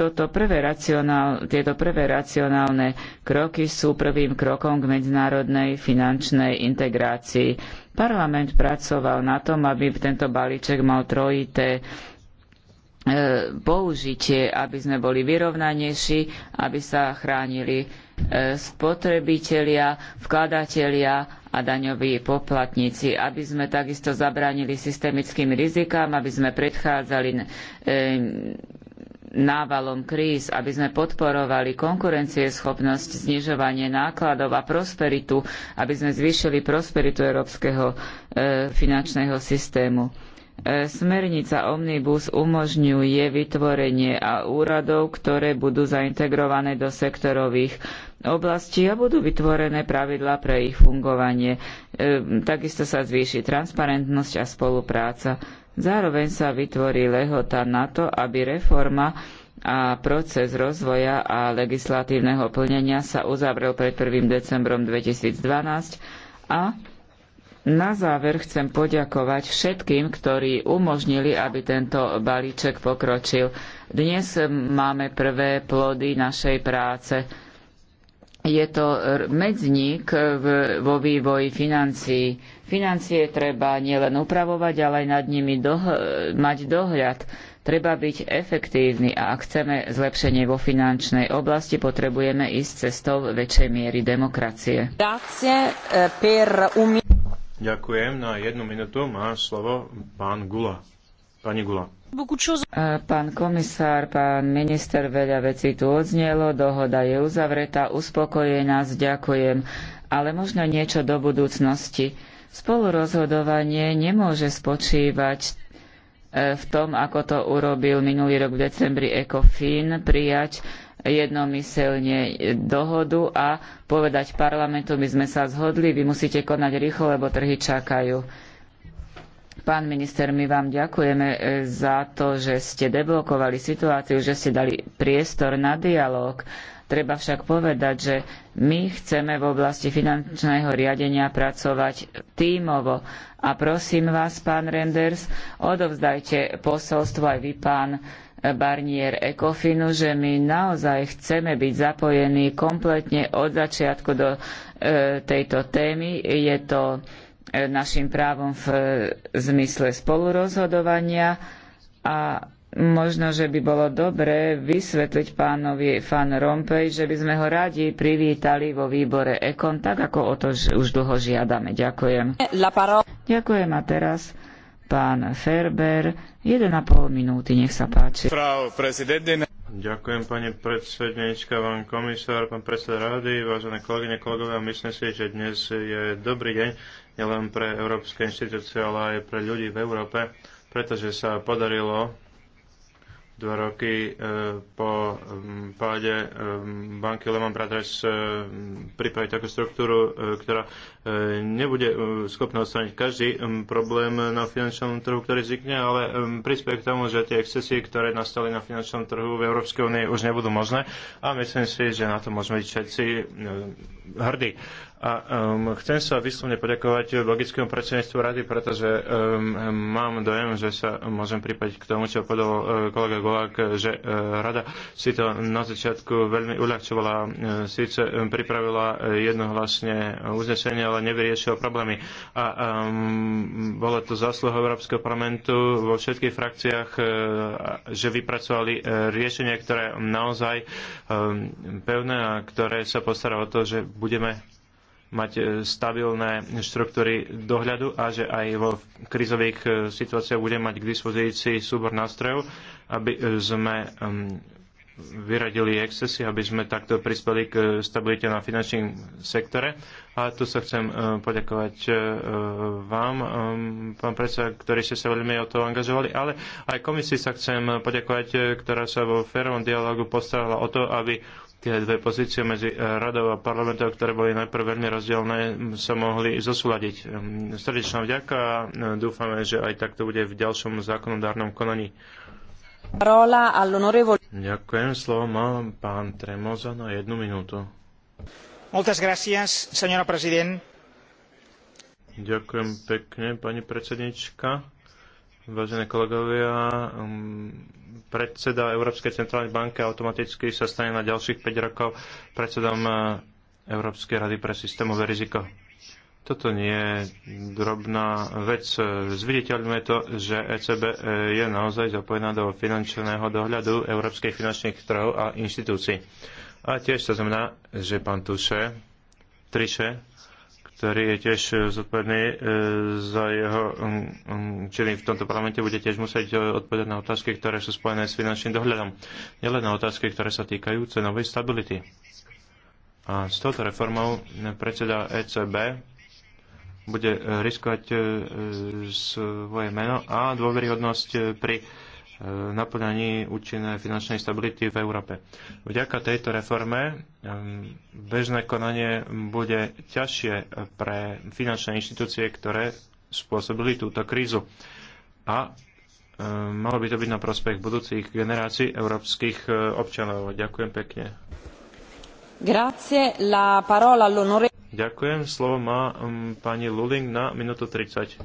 toto prvé racionál, tieto prvé racionálne kroky sú prvým krokom k medzinárodnej finančnej integrácii. Parlament pracoval na tom, aby tento balíček mal trojité e, použitie, aby sme boli vyrovnanejší, aby sa chránili e, spotrebitelia, vkladatelia a daňoví poplatníci, aby sme takisto zabránili systemickým rizikám, aby sme predchádzali e, návalom kríz, aby sme podporovali konkurencieschopnosť, znižovanie nákladov a prosperitu, aby sme zvýšili prosperitu európskeho e, finančného systému. E, smernica Omnibus umožňuje vytvorenie a úradov, ktoré budú zaintegrované do sektorových oblastí a budú vytvorené pravidlá pre ich fungovanie. E, takisto sa zvýši transparentnosť a spolupráca. Zároveň sa vytvorí lehota na to, aby reforma a proces rozvoja a legislatívneho plnenia sa uzavrel pred 1. decembrom 2012 a na záver chcem poďakovať všetkým, ktorí umožnili, aby tento balíček pokročil. Dnes máme prvé plody našej práce. Je to medzník vo vývoji financií. Financie treba nielen upravovať, ale aj nad nimi doh- mať dohľad. Treba byť efektívny a ak chceme zlepšenie vo finančnej oblasti, potrebujeme ísť cestou väčšej miery demokracie. Eh,
ďakujem. Na jednu minútu má slovo pán Gula. Pani Gula.
Pán komisár, pán minister, veľa vecí tu odznelo, dohoda je uzavretá, uspokojuje nás, ďakujem, ale možno niečo do budúcnosti. Spolurozhodovanie nemôže spočívať e, v tom, ako to urobil minulý rok v decembri ECOFIN, prijať jednomyselne e, dohodu a povedať parlamentu, my sme sa zhodli, vy musíte konať rýchlo, lebo trhy čakajú. Pán minister, my vám ďakujeme e, za to, že ste deblokovali situáciu, že ste dali priestor na dialog. Treba však povedať, že my chceme v oblasti finančného riadenia pracovať tímovo. A prosím vás, pán Renders, odovzdajte posolstvo aj vy, pán Barnier Ecofinu, že my naozaj chceme byť zapojení kompletne od začiatku do e, tejto témy. Je to e, našim právom v e, zmysle spolurozhodovania a Možno, že by bolo dobré vysvetliť pánovi Fan Rompej, že by sme ho radi privítali vo výbore Ekon, tak ako o to už dlho žiadame. Ďakujem. Ďakujem a teraz pán Ferber, 1,5 minúty, nech sa páči.
Ďakujem, pani predsednička, pán komisár, pán predseda rady, vážené kolegyne, kolegovia. Myslím si, že dnes je dobrý deň nielen pre európske inštitúcie, ale aj pre ľudí v Európe, pretože sa podarilo dva roky e, po mm, páde e, banky Lehman Brothers e, pripraviť takú struktúru, ktorá E, nebude e, schopná odstrániť každý e, problém na finančnom trhu, ktorý vznikne, ale prispieje k tomu, že tie excesy, ktoré nastali na finančnom trhu v Európskej únii, už nebudú možné a myslím si, že na to môžeme byť všetci hrdí. A um, chcem sa vyslovne poďakovať logickému predsedníctvu rady, pretože um, mám dojem, že sa môžem pripať k tomu, čo povedal uh, kolega Golák, že uh, rada si to na začiatku veľmi uľahčovala. Uh, Sice pripravila jednohlasne uznesenie, ale nevyriešil problémy. A um, ehm, bolo to zásluha Európskeho parlamentu vo všetkých frakciách, e, že vypracovali e, riešenia, ktoré naozaj um, pevné a ktoré sa postará o to, že budeme mať stabilné štruktúry dohľadu a že aj vo krizových situáciách budeme mať k dispozícii súbor nástrojov, aby sme um, vyradili excesy, aby sme takto prispeli k stabilite na finančnom sektore. A tu sa chcem e, poďakovať e, vám, e, pán predseda, ktorí ste sa veľmi o to angažovali, ale aj komisii sa chcem poďakovať, ktorá sa vo férovom dialogu postarala o to, aby tie dve pozície medzi radou a parlamentom, ktoré boli najprv veľmi rozdielne, sa mohli zosúľadiť. Srdečná vďaka a dúfame, že aj takto bude v ďalšom zákonodárnom konaní.
Ďakujem,
slovo má pán Tremoza na jednu minútu.
Muchas gracias, señora president.
Ďakujem pekne, pani predsednička. Vážené kolegovia, um, predseda Európskej centrálnej banky automaticky sa stane na ďalších 5 rokov predsedom uh, Európskej rady pre systémové riziko toto nie je drobná vec. Zviditeľňuje to, že ECB e, je naozaj zapojená do finančného dohľadu európskych finančných trhov a inštitúcií. A tiež to znamená, že pán Tuše, Triše, ktorý je tiež zodpovedný e, za jeho činy v tomto parlamente, bude tiež musieť e, odpovedať na otázky, ktoré sú spojené s finančným dohľadom. Nielen na otázky, ktoré sa týkajú cenovej stability. A s touto reformou predseda ECB bude e, riskovať e, e, svoje meno a dôveryhodnosť pri naplňaní účinnej finančnej stability v Európe. Vďaka tejto reforme bežné konanie bude ťažšie pre finančné inštitúcie, ktoré spôsobili túto krízu. A malo by to byť na prospech budúcich generácií európskych občanov. Ďakujem pekne.
Grazie, la parola all'onore.
Ďakujem. Slovo má um, pani Luling na minútu 30.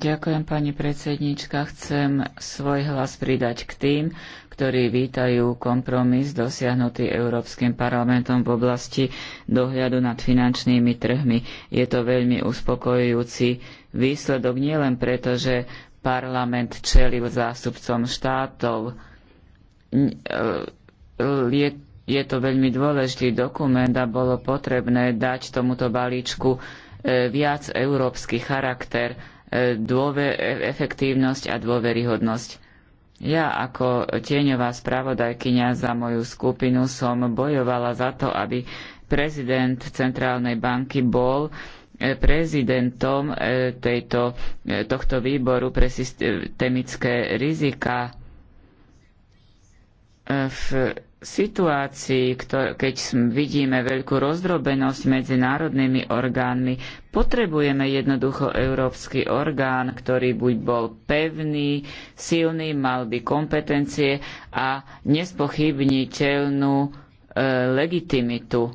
Ďakujem, pani predsednička. Chcem svoj hlas pridať k tým, ktorí vítajú kompromis dosiahnutý Európskym parlamentom v oblasti dohľadu nad finančnými trhmi. Je to veľmi uspokojujúci výsledok nielen preto, že parlament čelil zástupcom štátov. E, je je to veľmi dôležitý dokument a bolo potrebné dať tomuto balíčku e, viac európsky charakter, e, dôver, efektívnosť a dôveryhodnosť. Ja ako tieňová spravodajkyňa za moju skupinu som bojovala za to, aby prezident Centrálnej banky bol e, prezidentom tejto, tohto výboru pre systemické rizika v situácii, keď vidíme veľkú rozdrobenosť medzi národnými orgánmi, potrebujeme jednoducho európsky orgán, ktorý buď bol pevný, silný, mal by kompetencie a nespochybniteľnú e, legitimitu. E,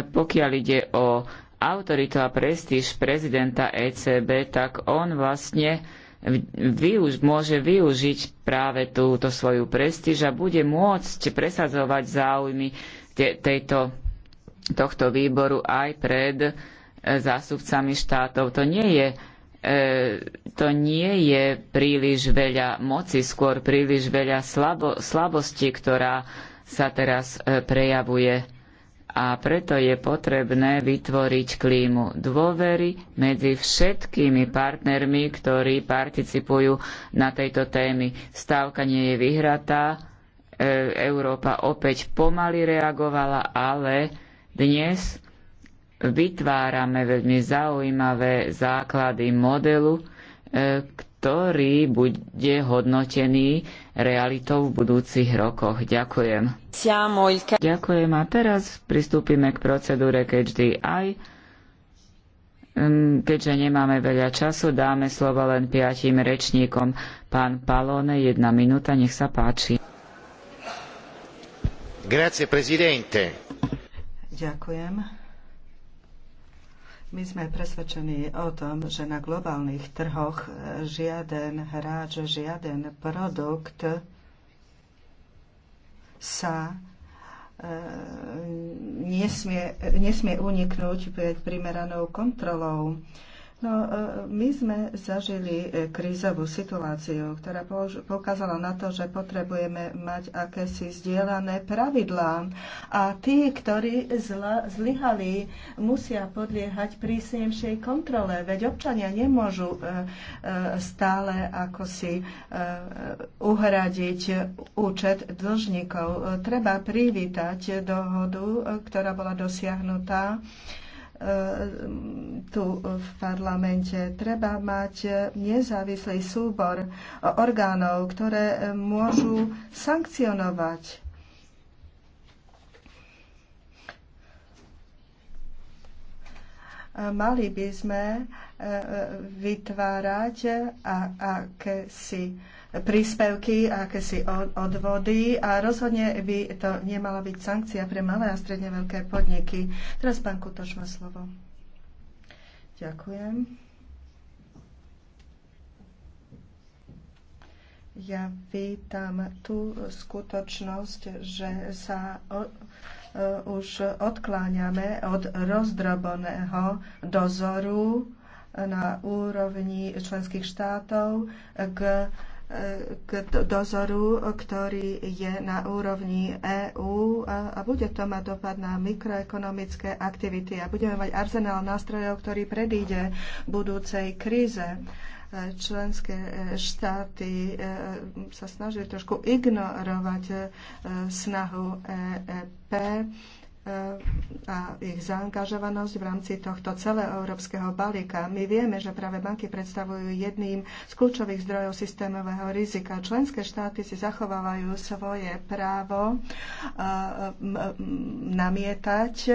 pokiaľ ide o autoritu a prestíž prezidenta ECB, tak on vlastne využ- môže využiť práve túto svoju prestíž a bude môcť presadzovať záujmy te- tejto, tohto výboru aj pred e, zástupcami štátov. To nie je e, to nie je príliš veľa moci, skôr príliš veľa slabo, slabosti, ktorá sa teraz e, prejavuje a preto je potrebné vytvoriť klímu dôvery medzi všetkými partnermi, ktorí participujú na tejto témy. Stávka nie je vyhratá, e, Európa opäť pomaly reagovala, ale dnes vytvárame veľmi zaujímavé základy modelu, e, ktorý bude hodnotený realitou v budúcich rokoch. Ďakujem. Ďakujem a teraz pristúpime k procedúre KHDI. Mm, keďže nemáme veľa času, dáme slovo len piatim rečníkom. Pán Palone, jedna minúta, nech sa páči.
Grazie, prezidente. Ďakujem my sme presvedčení o tom, že na globálnych trhoch e, žiaden hráč, žiaden produkt sa e, nesmie, nesmie uniknúť pred primeranou kontrolou. No, e, my sme zažili e, krízovú situáciu, ktorá poukázala na to, že potrebujeme mať akési zdieľané pravidlá a tí, ktorí zlyhali, musia podliehať prísnejšej kontrole, veď občania nemôžu e, stále ako si uhradiť účet dlžníkov. Treba privítať dohodu, ktorá bola dosiahnutá E, tu v parlamente. Treba mať nezávislý súbor orgánov, ktoré môžu sankcionovať mali by sme e, e, vytvárať akési príspevky, akési odvody a rozhodne by to nemala byť sankcia pre malé a stredne veľké podniky. Teraz pán Kutoš má slovo. Ďakujem. Ja vítam tú skutočnosť, že sa o, e, už odkláňame od rozdrobeného dozoru na úrovni členských štátov k k dozoru, ktorý je na úrovni EÚ a bude to mať dopad na mikroekonomické aktivity a budeme mať arzenál nástrojov, ktorý predíde budúcej kríze e, členské e, štáty e, sa snažili trošku ignorovať snahu EEP a ich zaangažovanosť v rámci tohto celého európskeho balíka. My vieme, že práve banky predstavujú jedným z kľúčových zdrojov systémového rizika. Členské štáty si zachovávajú svoje právo e, e, namietať e,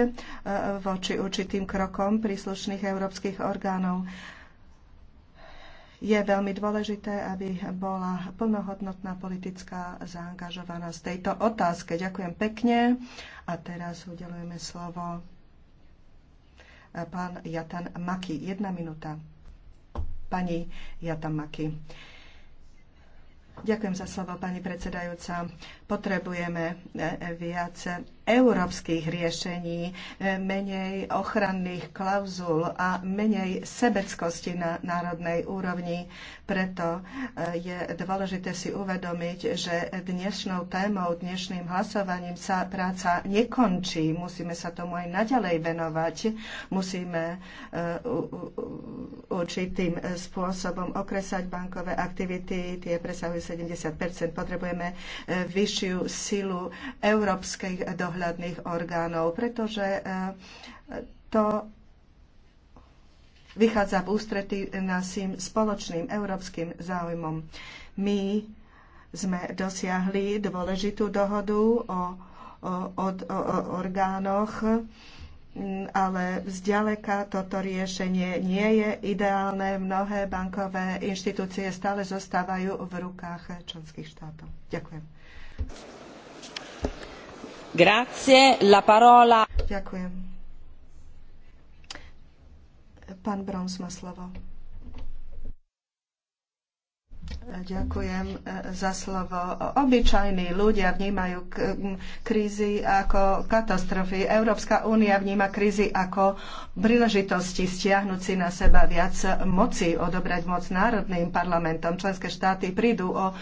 voči určitým krokom príslušných európskych orgánov je veľmi dôležité, aby bola plnohodnotná politická zaangažovanosť tejto otázke. Ďakujem pekne. A teraz udelujeme slovo e, pán Jatan Maki. Jedna minúta. Pani Jatan Maki. Ďakujem za slovo, pani predsedajúca. Potrebujeme e, e, viac európskych riešení, e, menej ochranných klauzul a menej sebeckosti na národnej úrovni. Preto je dôležité si uvedomiť, že dnešnou témou, dnešným hlasovaním sa práca nekončí. Musíme sa tomu aj naďalej venovať. Musíme určitým spôsobom okresať bankové aktivity, tie presahujú 70 Potrebujeme e, vyššiu silu európskych dohľadných orgánov, pretože e, to vychádza v ústretí našim spoločným európskym záujmom. My sme dosiahli dôležitú dohodu o, o, o, o orgánoch, Mm, ale zďaleka toto riešenie nie je ideálne. Mnohé bankové inštitúcie stále zostávajú v rukách členských štátov. Ďakujem.
Grazie, la
parola. Ďakujem. Pán Brons má slovo. Ďakujem e, za slovo. Obyčajní ľudia vnímajú krízy ako katastrofy. Európska únia vníma krízy ako príležitosti stiahnuť si na seba viac moci, odobrať moc národným parlamentom. Členské štáty prídu o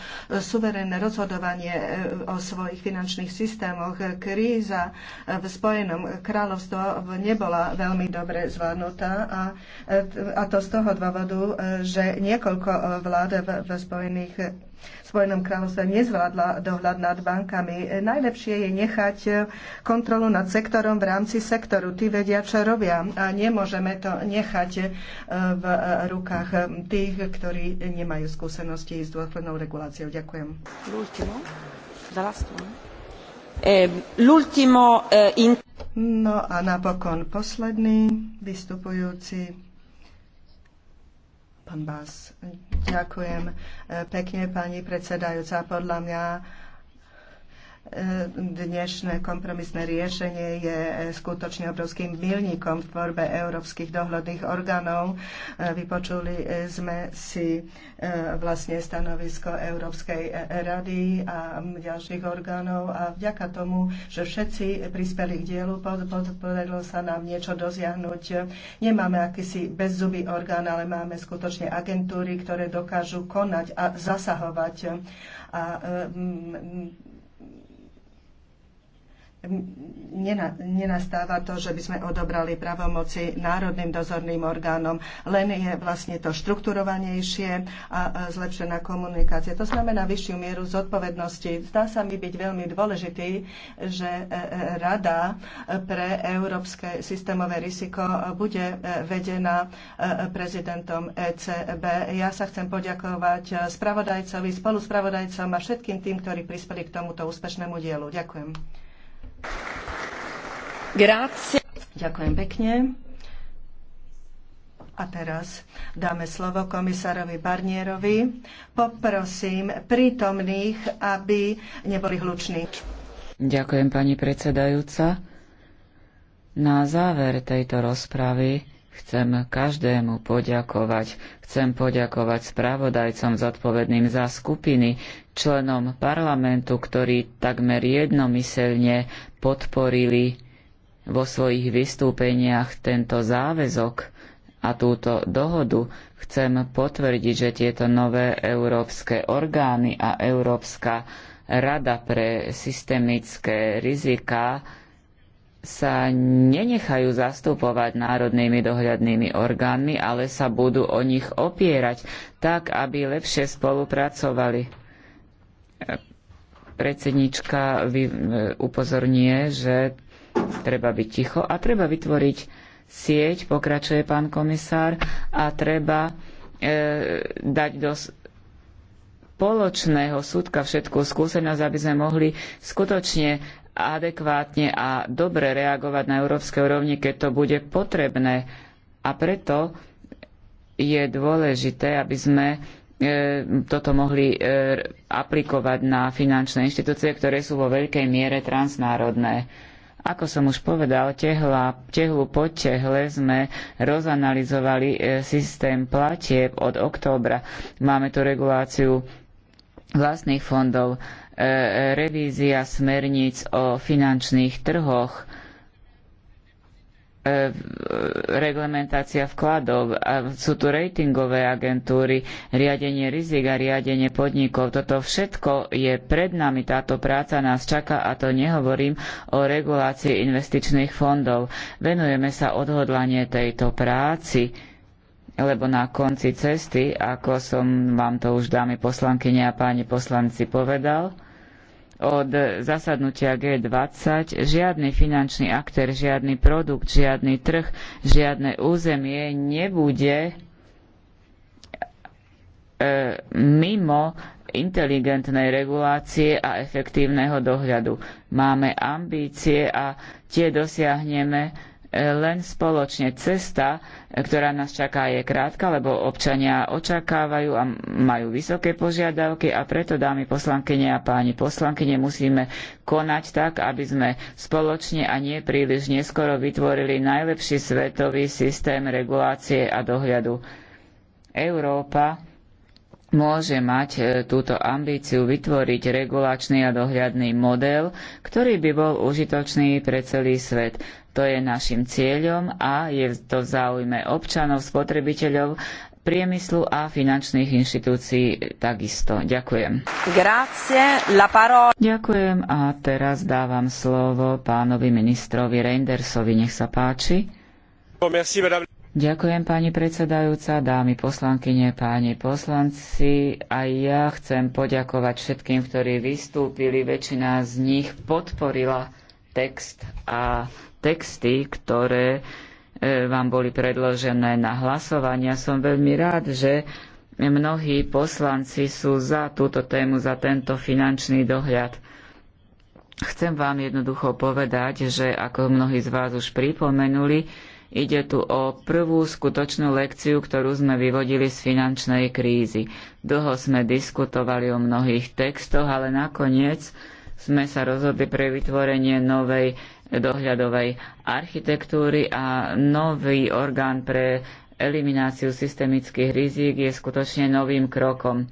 suverénne rozhodovanie e, o svojich finančných systémoch. Kríza v Spojenom kráľovstve nebola veľmi dobre zvládnutá a, e, a to z toho dôvodu, že niekoľko vlád v, v Spojených, Spojenom kráľovstve nezvládla dohľad nad bankami. Najlepšie je nechať kontrolu nad sektorom v rámci sektoru. Tí vedia, čo robia a nemôžeme to nechať eh, v rukách tých, ktorí nemajú skúsenosti s dôslednou reguláciou. Ďakujem. Ehm, eh, no a napokon posledný vystupujúci Pán Bás, ďakujem e, pekne, pani predsedajúca. Podľa mňa dnešné kompromisné riešenie je e, skutočne obrovským milníkom v tvorbe európskych dohľadných orgánov. E, vypočuli e, sme si vlastne stanovisko Európskej rady a ďalších orgánov a vďaka tomu, že všetci prispeli k dielu, podarilo sa nám niečo dosiahnuť. Nemáme akýsi bezzubý orgán, ale máme skutočne agentúry, ktoré dokážu konať a zasahovať. A nenastáva to, že by sme odobrali pravomoci národným dozorným orgánom, len je vlastne to štrukturovanejšie a zlepšená komunikácia. To znamená vyššiu mieru zodpovednosti. Zdá sa mi byť veľmi dôležitý, že e, e, Rada pre európske systémové riziko bude e, vedená prezidentom ECB. Ja sa chcem poďakovať spravodajcovi, spoluspravodajcom a všetkým tým, ktorí prispeli k tomuto úspešnému dielu. Ďakujem. Ďakujem pekne. A teraz dáme slovo komisárovi Barnierovi. Poprosím prítomných, aby neboli hluční.
Ďakujem, pani predsedajúca. Na záver tejto rozpravy Chcem každému poďakovať. Chcem poďakovať spravodajcom zodpovedným za skupiny, členom parlamentu, ktorí takmer jednomyselne podporili vo svojich vystúpeniach tento záväzok a túto dohodu. Chcem potvrdiť, že tieto nové európske orgány a Európska rada pre systemické riziká sa nenechajú zastupovať národnými dohľadnými orgánmi, ale sa budú o nich opierať tak, aby lepšie spolupracovali. Predsednička e, upozornie, že treba byť ticho a treba vytvoriť sieť, pokračuje pán komisár, a treba e, dať do spoločného súdka všetku skúsenosť, aby sme mohli skutočne adekvátne a dobre reagovať na európskej úrovni, keď to bude potrebné. A preto je dôležité, aby sme e, toto mohli e, aplikovať na finančné inštitúcie, ktoré sú vo veľkej miere transnárodné. Ako som už povedal, tehla, tehlu po tehle sme rozanalizovali e, systém platieb od októbra. Máme tu reguláciu vlastných fondov E, revízia smerníc o finančných trhoch, e, reglementácia vkladov, a sú tu ratingové agentúry, riadenie rizik a riadenie podnikov. Toto všetko je pred nami, táto práca nás čaká a to nehovorím o regulácii investičných fondov. Venujeme sa odhodlanie tejto práci lebo na konci cesty, ako som vám to už dámy poslankyne a páni poslanci povedal, od zasadnutia G20 žiadny finančný aktér, žiadny produkt, žiadny trh, žiadne územie nebude e, mimo inteligentnej regulácie a efektívneho dohľadu. Máme ambície a tie dosiahneme len spoločne. Cesta, ktorá nás čaká, je krátka, lebo občania očakávajú a majú vysoké požiadavky a preto, dámy poslankyne a páni poslankyne, musíme konať tak, aby sme spoločne a nie príliš neskoro vytvorili najlepší svetový systém regulácie a dohľadu. Európa môže mať e, túto ambíciu vytvoriť regulačný a dohľadný model, ktorý by bol užitočný pre celý svet. To je našim cieľom a je to v záujme občanov, spotrebiteľov, priemyslu a finančných inštitúcií takisto. Ďakujem. Grazie, la parola. Ďakujem a teraz dávam slovo pánovi ministrovi Reindersovi. Nech sa páči. Ďakujem pani predsedajúca, dámy poslankyne, páni poslanci. Aj ja chcem poďakovať všetkým, ktorí vystúpili. Väčšina z nich podporila text a texty, ktoré e, vám boli predložené na hlasovania. Som veľmi rád, že mnohí poslanci sú za túto tému, za tento finančný dohľad. Chcem vám jednoducho povedať, že ako mnohí z vás už pripomenuli, ide tu o prvú skutočnú lekciu, ktorú sme vyvodili z finančnej krízy. Dlho sme diskutovali o mnohých textoch, ale nakoniec sme sa rozhodli pre vytvorenie novej dohľadovej architektúry a nový orgán pre elimináciu systemických rizík je skutočne novým krokom.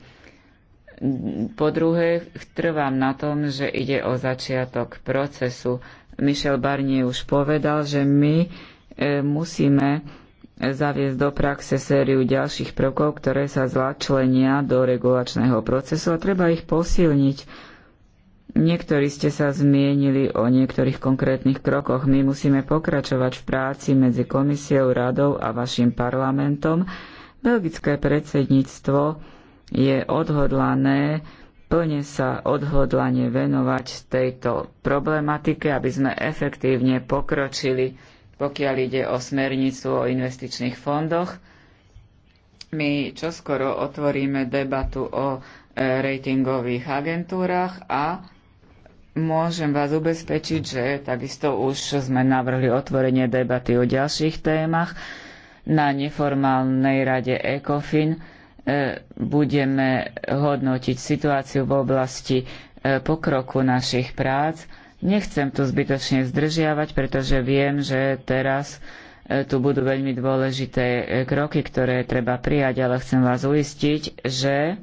Po druhé, trvám na tom, že ide o začiatok procesu. Michel Barnier už povedal, že my e, musíme zaviesť do praxe sériu ďalších prvkov, ktoré sa zlačlenia do regulačného procesu a treba ich posilniť Niektorí ste sa zmienili o niektorých konkrétnych krokoch. My musíme pokračovať v práci medzi komisiou, radou a vašim parlamentom. Belgické predsedníctvo je odhodlané plne sa odhodlane venovať tejto problematike, aby sme efektívne pokročili, pokiaľ ide o smernicu o investičných fondoch. My čoskoro otvoríme debatu o e, ratingových agentúrach a Môžem vás ubezpečiť, že takisto už sme navrhli otvorenie debaty o ďalších témach. Na neformálnej rade ECOFIN e, budeme hodnotiť situáciu v oblasti e, pokroku našich prác. Nechcem tu zbytočne zdržiavať, pretože viem, že teraz e, tu budú veľmi dôležité kroky, ktoré treba prijať, ale chcem vás uistiť, že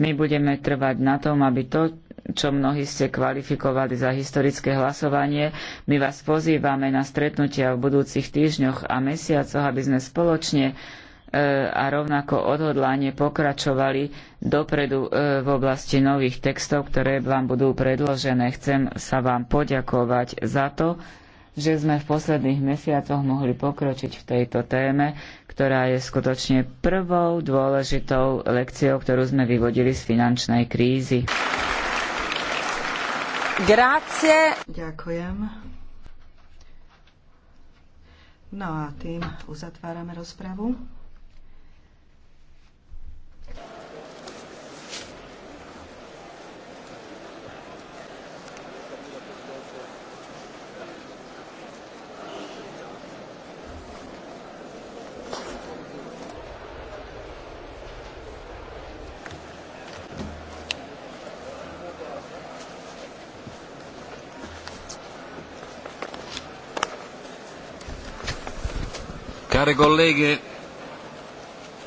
my budeme trvať na tom, aby to, čo mnohí ste kvalifikovali za historické hlasovanie. My vás pozývame na stretnutia v budúcich týždňoch a mesiacoch, aby sme spoločne e, a rovnako odhodlanie pokračovali dopredu e, v oblasti nových textov, ktoré vám budú predložené. Chcem sa vám poďakovať za to, že sme v posledných mesiacoch mohli pokročiť v tejto téme, ktorá je skutočne prvou dôležitou lekciou, ktorú sme vyvodili z finančnej krízy.
Grazie. Ďakujem. No a tým uzatvárame rozpravu. Care colleghe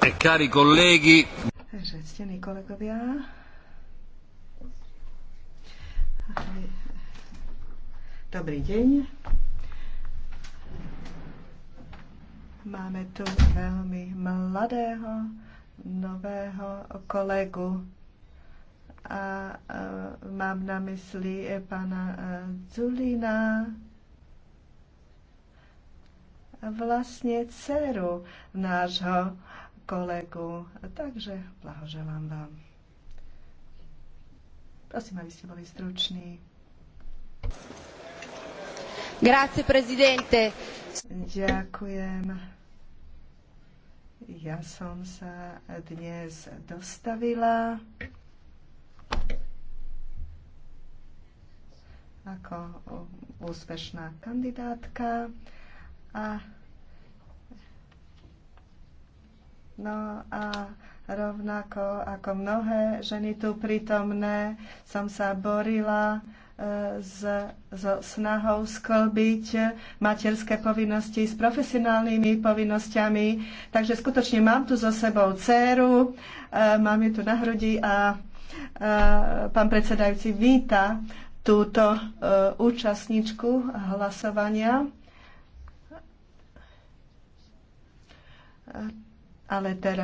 e cari colleghi. dobrý deň. Máme tu veľmi mladého, nového kolegu a, a e, mám na mysli pána e, Zulina, vlastne dceru nášho kolegu. Takže blahoželám vám. Prosím, aby ste boli struční. Grazie, prezidente. Ďakujem. Ja som sa dnes dostavila ako úspešná kandidátka a, no a rovnako ako mnohé ženy tu prítomné som sa borila e, s, so snahou sklbiť materské povinnosti s profesionálnymi povinnosťami. Takže skutočne mám tu so sebou dceru, e, mám ju tu na hrudi a e, pán predsedajúci víta túto účastničku hlasovania.
ale teraz